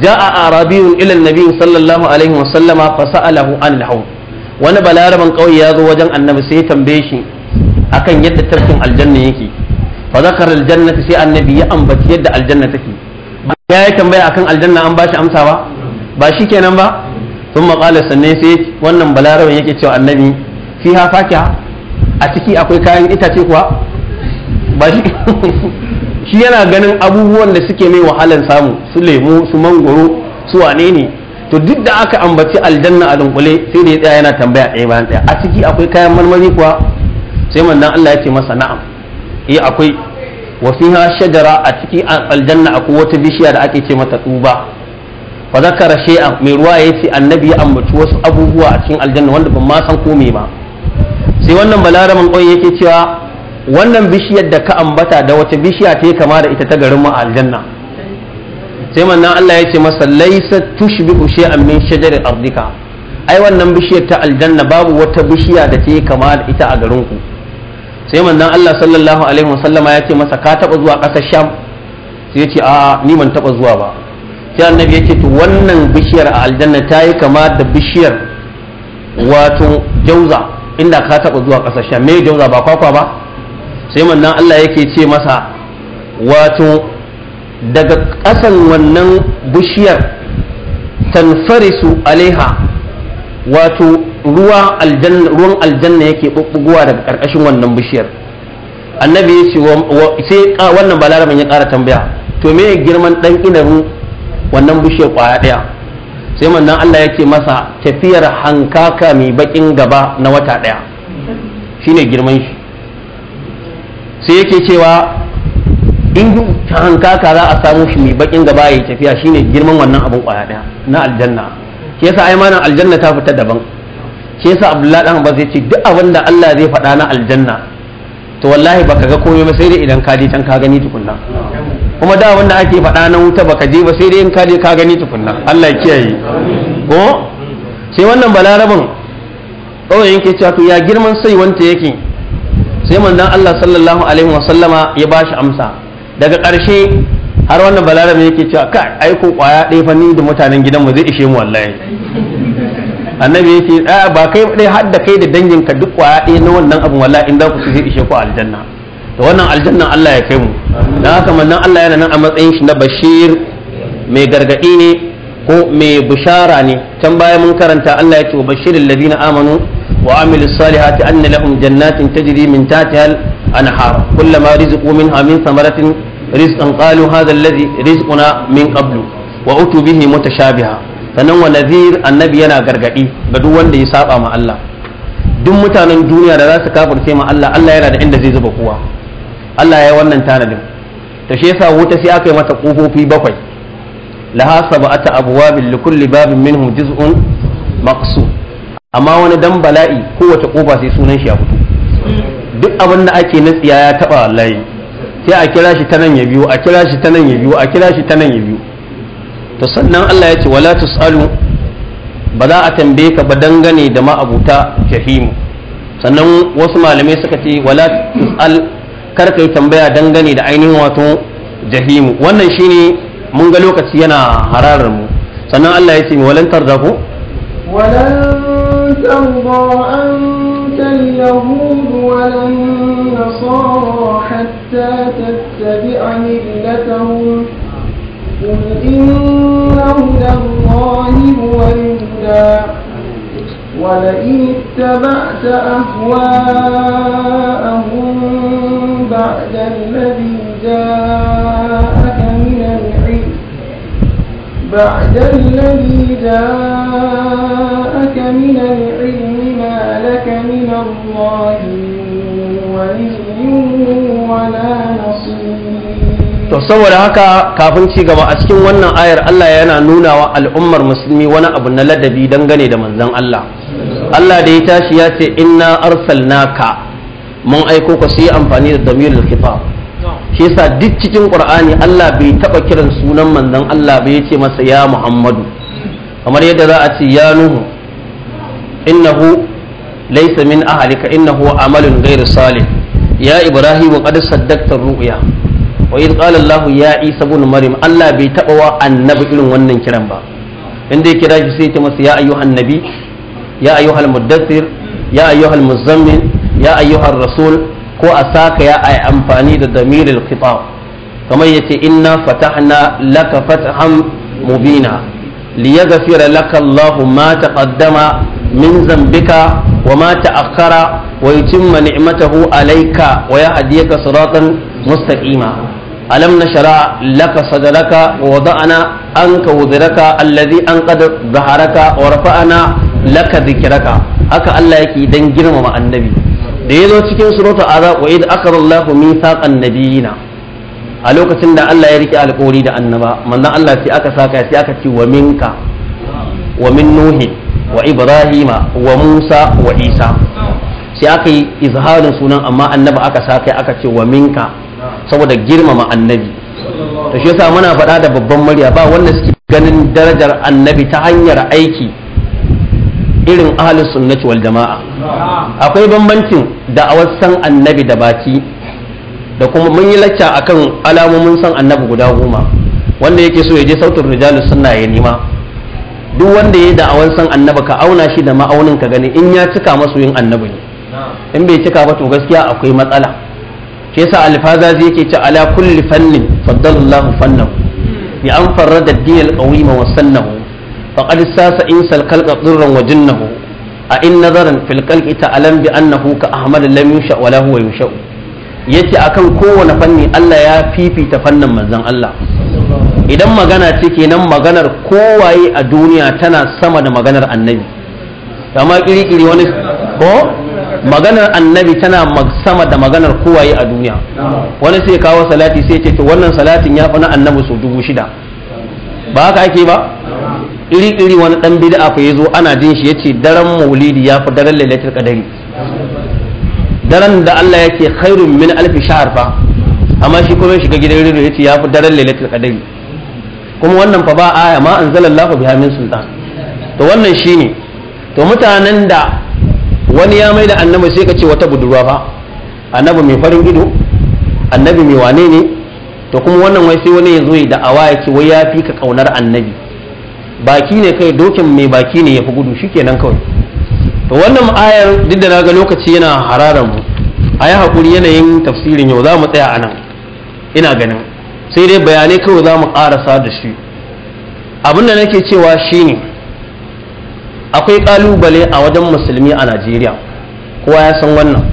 ja'a arabiyun ila النبي صلى sallallahu alaihi wa sallama عن الحوض wani balaraban ƙauye ya zo wajen annabi sai ya tambaye shi akan yadda tafkin aljanna yake fa zakar aljanna sai annabi ya ambaci yadda aljanna take ya yi tambaya akan aljanna an bashi amsa ba ba shikenan ba sun maƙala sannan sai wannan balaraban yake cewa annabi fi ha fakiha a ciki akwai kayan itace kuwa ba shi shi yana ganin abubuwan da suke mai wahalan samu su lemu su mangoro su wane ne to duk da aka ambaci aljanna a dunkule sai da ya tsaya yana tambaya ɗaya bayan ɗaya a ciki akwai kayan marmari kuwa sai manzon Allah ya ce masa na'am eh akwai wa fiha shajara a ciki aljanna akwai wata bishiya da ake ce mata tuba fa zakara shay'an mai ruwa yace annabi ya ambaci wasu abubuwa a cikin aljanna wanda ban ma san ko me ba sai wannan balaraman ƙwai yake cewa wannan bishiyar da ka ambata da wata bishiya ta kama da ita ta garin mu a aljanna sai manna Allah ya ce masa laisa tushbihu shay'an min shajarin ardika ai wannan bishiyar ta aljanna babu wata bishiya da ta yi kama da ita a garin ku sai manzon Allah sallallahu alaihi wasallama ya ce masa ka taba zuwa ƙasar Sham sai ya ce a ni ban taba zuwa ba sai annabi ya ce to wannan bishiyar a aljanna ta yi kama da bishiyar wato jauza inda ka taba zuwa ƙasar Sham me jauza ba kwakwa ba sai manzon Allah yake ce masa wato daga ƙasan wannan bishiyar tanfarisu alaiha wato ruwan aljanna yake bubbugowa daga ƙarƙashin wannan bishiyar annabi ya ce sai wannan balaraban ya ƙara tambaya to me girman ɗan inarin wannan bishiyar ƙwaya ɗaya sai wannan Allah ya ce masa tafiyar hankaka mai baƙin gaba na wata ɗaya shine girman shi sai yake cewa in ta hankaka za a samu shi mai bakin gaba ya tafiya shine girman wannan abin kwaya daya na aljanna shi yasa yi malam aljanna ta fita daban shi yasa abdullahi dan zai ce duk abin da Allah zai faɗa na aljanna to wallahi baka ga komai ba sai dai idan ka je can ka gani tukunna kuma da wanda ake faɗa na wuta baka je ba sai dai in ka je ka gani tukunna Allah ya kiyaye ko sai wannan balarabin kawai yake cewa to ya girman sai wanta yake sai manzon Allah sallallahu alaihi wa sallama ya bashi amsa daga ƙarshe har wannan balarabe yake cewa ka aiko kwaya ɗaya fa ni da mutanen gidanmu zai ishe mu wallahi annabi yake a ba kai dai har da kai da danginka duk kwaya ɗaya na wannan abin wallahi in za ku su zai ishe ku aljanna to wannan aljanna Allah ya kai mu dan haka manzon Allah yana nan a matsayin shi na bashir mai gargadi ne ko mai bushara ne can baya mun karanta Allah ya ce wa bashirin ladina amanu wa amilu salihati anna lahum jannatin tajri min tahtiha al-anhar kullama rizqu minha min thamaratin rizqan qalu hadha alladhi rizquna min qablu wa utu bihi shabiha. sannan wa nadhir annabi yana gargadi ga duk wanda ya saba ma Allah duk mutanen duniya da za su kafirce ma Allah Allah yana da inda zai zuba kowa Allah ya wannan tanadin ta shi yasa wuta sai aka yi mata kofofi bakwai laha sab'ata abwabin li kulli babin minhum juz'un maqsu amma wani dan bala'i kowace kofa sai sunan shi ya fito duk abin da ake na ya taba wallahi sai a kira shi ta nan ya biyu a kira shi ta nan ya biyu a kira shi ta nan ya biyu to sannan Allah ya ce wala tusalu ba za a tambaye ka ba dangane da ma'abuta jahimu sannan wasu malamai suka ce wala tusal kar kai tambaya dangane da ainihin wato jahimu wannan shine mun ga lokaci yana hararar mu sannan Allah ya ce walan tarzafu walan tarzafu an kan yahud walan nasara حتى تتبع ملتهم قل إن هدى الله هو الهدى ولئن اتبعت أهواءهم بعد الذي جاءك من العلم بعد الذي جاءك من العلم ما لك من الله ولي to saboda haka kafin ci gaba a cikin wannan ayar Allah yana nuna wa al'ummar musulmi wani abu na ladabi dangane da manzan Allah Allah da ya tashi ya ce inna arsalnaka mun aiko ka sai amfani da damirul khitab shi yasa duk cikin qur'ani Allah bai taba kiran sunan manzon Allah ba yace masa ya Muhammadu kamar yadda za a ce ya Nuhu innahu laysa min ahlika innahu amalun ghairu salih ya ibrahim qad saddaqta ru'ya wa idh qala allah ya isa ibn maryam allah bai taba wa annabi irin wannan kiran ba inda ya kira shi sai ya masa ya ayyuhan nabi ya ayyuhal muddathir ya ayyuhal muzammil ya ayyuhar rasul ko a saka ya yi amfani da damiril khitab kamar yace inna fatahna laka fathan mubina liyaghfira laka allah ma taqaddama min zambika wa ma ta'akhkhara wa yutimma ni'matahu alayka wa yahdiyaka siratan mustaqima alam nashra laka sadraka wa wada'na anka wuzraka alladhi anqad dhaharaka wa rafa'na laka dhikraka haka Allah yake dan girmama annabi da yazo cikin suratul azab wa id akhadha Allahu mithaqan nabiyina a lokacin da Allah ya rike alƙawari da annaba manzon Allah sai aka saka sai aka ce wa minka wa min wa ibrahima wa musa wa isa sai aka yi izharin sunan amma annabi aka sa aka ce wa minka saboda girmama annabi to shi yasa muna faɗa da babban murya ba wanda suke ganin darajar annabi ta hanyar aiki irin ahli sunnati wal jama'a akwai bambancin da a san annabi da baki da kuma mun yi lacca akan alamomin san annabi guda goma wanda yake so ya je sautin rijalus sunna ya nema duk wanda ya da'awan san annaba ka auna shi da ma'aunin ka gani in ya cika yin annabi ne in bai cika ba to gaskiya akwai matsala shi yasa alfazazi yake ci ala kulli fannin faddalallahu fannahu bi an farrada ad al-qawima wa sannahu faqad sasa insal khalqa dhurran wa jinnahu a in nazarin fil khalqi ta'lam bi annahu ka ahmad lam yusha wa lahu wa yusha yace akan kowane fanni Allah ya fifita fannin manzon Allah idan magana ce kenan maganar kowaye a duniya tana sama da maganar annabi amma kirikiri wani ko maganar annabi tana sama da maganar kowaye a duniya wani sai kawo salati sai ce to wannan salatin ya fi na annabi sau dubu shida ba haka ake ba iri-iri wani dan bid'a fa yazo ana jin shi yace daren maulidi ya fi daren lailatul qadari daren da Allah yake khairun min alfi shahr fa amma shi kuma shiga gidan ya yace ya fi daren lailatul qadari kuma wannan fa ba aya ma anzalallahu biha min sultan to wannan shine to mutanen da wani ya mai da annabi sai ka ce wata budurwa fa annabi mai farin ido annabi mai wane ne to kuma wannan wai sai wani ya zo da awa ya ce wai ya fi ka kaunar annabi baki ne kai dokin mai baki ne ya fi gudu shikenan kawai to wannan ayar duk da na ga lokaci yana hararan mu a yi haƙuri yanayin tafsirin yau za mu tsaya a nan ina ganin sai dai bayanai kawai za mu sa da shi abin da nake cewa shine akwai ƙalubale a wajen musulmi a najeriya kowa ya san wannan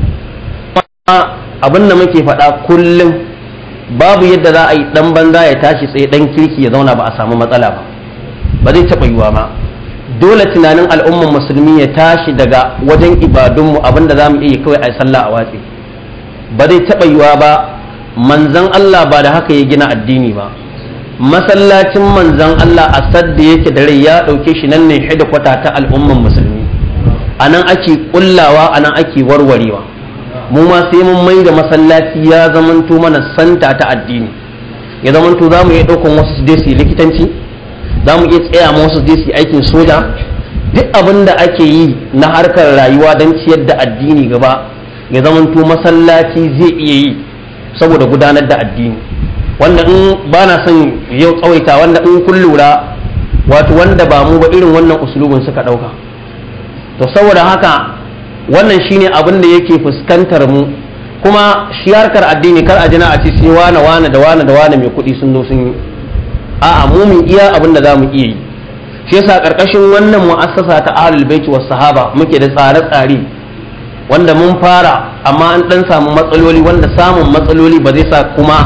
abin da muke faɗa kullum babu yadda za a yi ɗan banza ya tashi tsaye ɗan kirki ya zauna ba a samu matsala ba ba zai taɓa yiwa ma dole tunanin al'ummar musulmi ya tashi daga wajen ibadunmu abinda za mu iya kawai a sallah a watsi ba zai taɓa yiwa ba manzan Allah ba da haka ya gina addini ba masallacin manzan Allah a sadda yake da rai ya ɗauke shi nan ne hida kwata ta al'umman musulmi a nan ake kullawa a nan ake warwarewa mu ma sai mun mai da masallaci ya zamanto mana santa ta addini ya zamanto za mu iya ɗaukan wasu su je su yi likitanci za mu iya tsaya ma wasu su je su yi aikin soja duk abin da ake yi na harkar rayuwa don ciyar da addini gaba ya zamanto masallaci zai iya yi saboda gudanar da addini wanda in ba na son yau tsawaita wanda in kun lura wato wanda ba mu ba irin wannan usulubin suka ɗauka to saboda haka wannan shine abin da yake fuskantar mu kuma shi harkar addini kar a jina a ci sai wane wane da wane da wane mai kuɗi sun zo sun yi a'a mu mun iya abin da za mu iya yi shi yasa karkashin wannan mu'assasa ta ahlul baiti was sahaba muke da tsare-tsare wanda mun fara amma an dan samu matsaloli wanda samun matsaloli ba zai sa kuma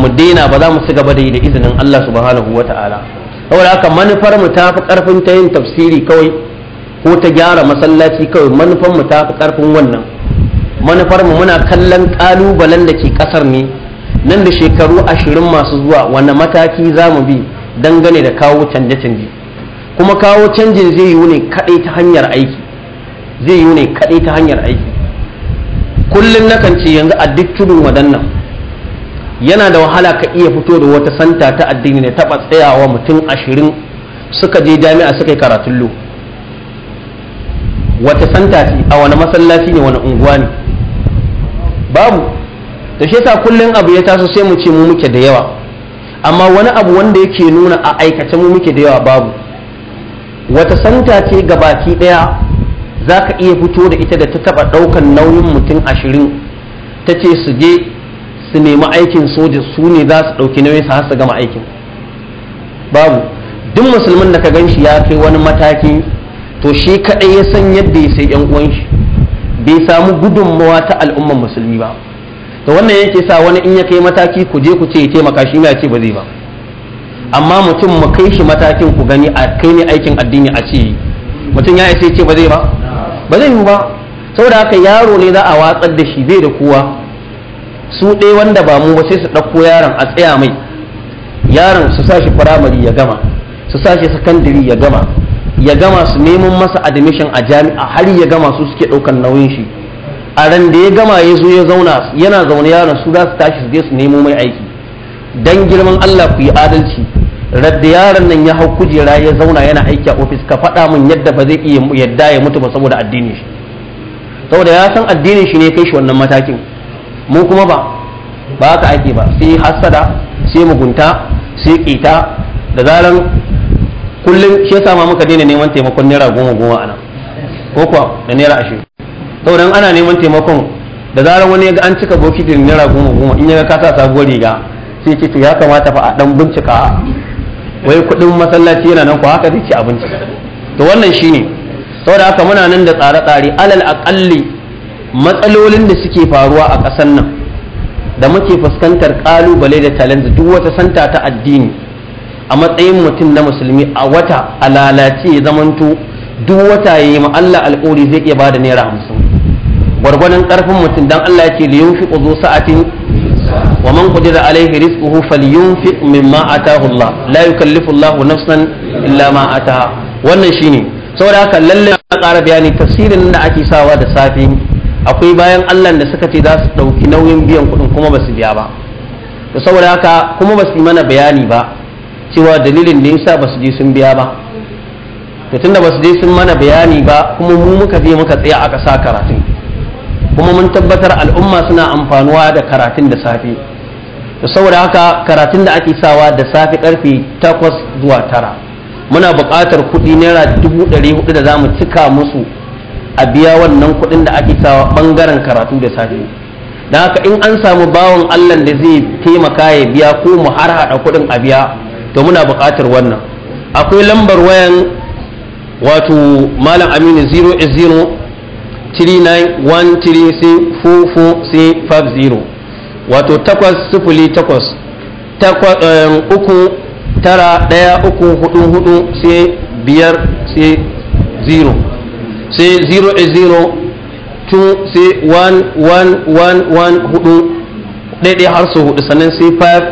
mu daina ba za mu ci gaba da yi da izinin Allah subhanahu wata'ala saboda haka manufar mu tafi karfin ta yin tafsiri kawai ko ta gyara masallaci kawai manufar mu tafi karfin wannan manufar mu muna kallon kalubalen da ke kasar ne nan da shekaru ashirin masu zuwa wanda mataki za mu bi dangane da kawo canje-canje kuma kawo canjin zai yiwu ne kaɗai ta hanyar aiki zai yi ne kaɗai ta hanyar aiki kullum kan ce yanzu a duk tudun wadannan yana da wahala ka iya fito da wata santa ta addini ne taɓa tsayawa mutum ashirin suka je jami'a suka yi karatun lo wata santa ce a wani masallaci ne wani unguwa ne babu da shi yasa kullum abu ya taso sai mu ce mu muke da yawa amma wani abu wanda yake nuna a aikace mu muke da yawa babu wata santa ce baki ɗaya. za ka iya fito da ita da ta taba ɗaukan nauyin mutum ashirin ta ce su je su nemi aikin soja su ne za su ɗauki nauyin su har su gama aikin babu duk musulmin da ka gan shi ya kai wani mataki to shi kaɗai ya san yadda ya sai yan uwan shi bai samu gudunmawa ta al'umman musulmi ba to wannan yake sa wani in ya kai mataki ku je ku ce ya taimaka shi ma ya ce ba zai ba amma mutum mu kai shi matakin ku gani a kai ne aikin addini a ce mutum ya ce ba zai ba ba zai yi ba saboda haka yaro ne za a watsar da shi bai da kowa su ɗaya wanda ba mu ba sai su ɗauko yaron a tsaya mai yaron su sa shi firamare ya gama su sa shi sakandiri ya gama ya gama su neman masa admission a jami'a har ya gama su suke ɗaukan nauyin shi a ran da ya gama ya zo ya zauna yana zaune yaron su za su tashi su je su nemo mai aiki dan girman Allah ku yi adalci radda yaron nan ya hau kujera ya zauna yana aiki a ofis ka faɗa min yadda ba zai iya yadda ya mutu ba saboda addini shi saboda ya san addinin shi ne kai shi wannan matakin mu kuma ba ba haka ake ba sai hasada sai mugunta sai kita da zaran kullum shi ya ma muka daina neman taimakon naira goma goma a nan ko kuwa da naira ashirin saboda ana neman taimakon da zaran wani ya ga an cika bokitin naira goma goma in ya ga ka sa sabuwar riga sai ce ya kamata fa a dan bincika wai kuɗin masallaci yana nan ko haka zai ci abinci to wannan shine saboda haka muna nan da tsare-tsare alal aqalli matsalolin da suke faruwa a ƙasar nan da muke fuskantar ƙalubale da talanta duk wata santa ta addini a matsayin mutum na musulmi a wata a lalace ya zamanto duk wata ya yi Allah alƙori zai iya bada naira hamsin gwargwadon ƙarfin mutum dan Allah ya ce da yunfi ƙuzo sa'atin ومن قدر عليه رزقه فلينفق مما آتاه الله لا يكلف الله نفسا إلا ما آتاها wannan shine saboda haka lalle na ƙara bayani tafsirin da ake sawa da safe akwai bayan Allah da suka ce za su ɗauki nauyin biyan kuɗin kuma ba su biya ba to saboda haka kuma ba su yi mana bayani ba cewa dalilin da yasa ba su je sun biya ba to tunda ba su je sun mana bayani ba kuma mu muka je muka tsaya aka sa karatun kuma mun tabbatar al'umma suna amfanuwa da karatun da safe to saboda haka karatun da ake sawa da safe karfe 8 zuwa 9 muna buƙatar kuɗi naira 400 da za mu cika musu a biya wannan kuɗin da ake sawa bangaren karatu da safe da haka in an samu bawan Allah da zai taimaka ya biya ko mu har hada kuɗin a biya to muna buƙatar wannan akwai lambar wayan wato malam aminu 080 wato takwas sifili takwas eh, uku tara ɗaya uku hudu hudu sai biyar sai zero sai zero a zero two sai one one one one hudu ɗaiɗai har su hudu sannan sai five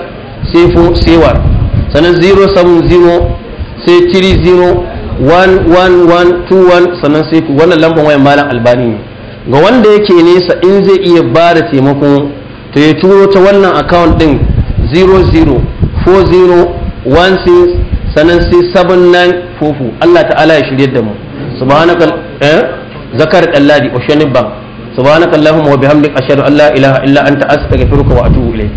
sai four sai one sannan zero seven zero sai three zero one one one two one sannan sai wannan lambar wayan malam albani ne ga wanda yake nesa in zai iya ba da taimakon to ya turo ta wannan account din 004016 sannan Allah ta'ala ya shirye da mu subhanaka eh? zakar kalladi oceanic bank subhanaka allahumma wa bihamdika ashhadu an la ilaha illa anta astaghfiruka wa atubu ilayk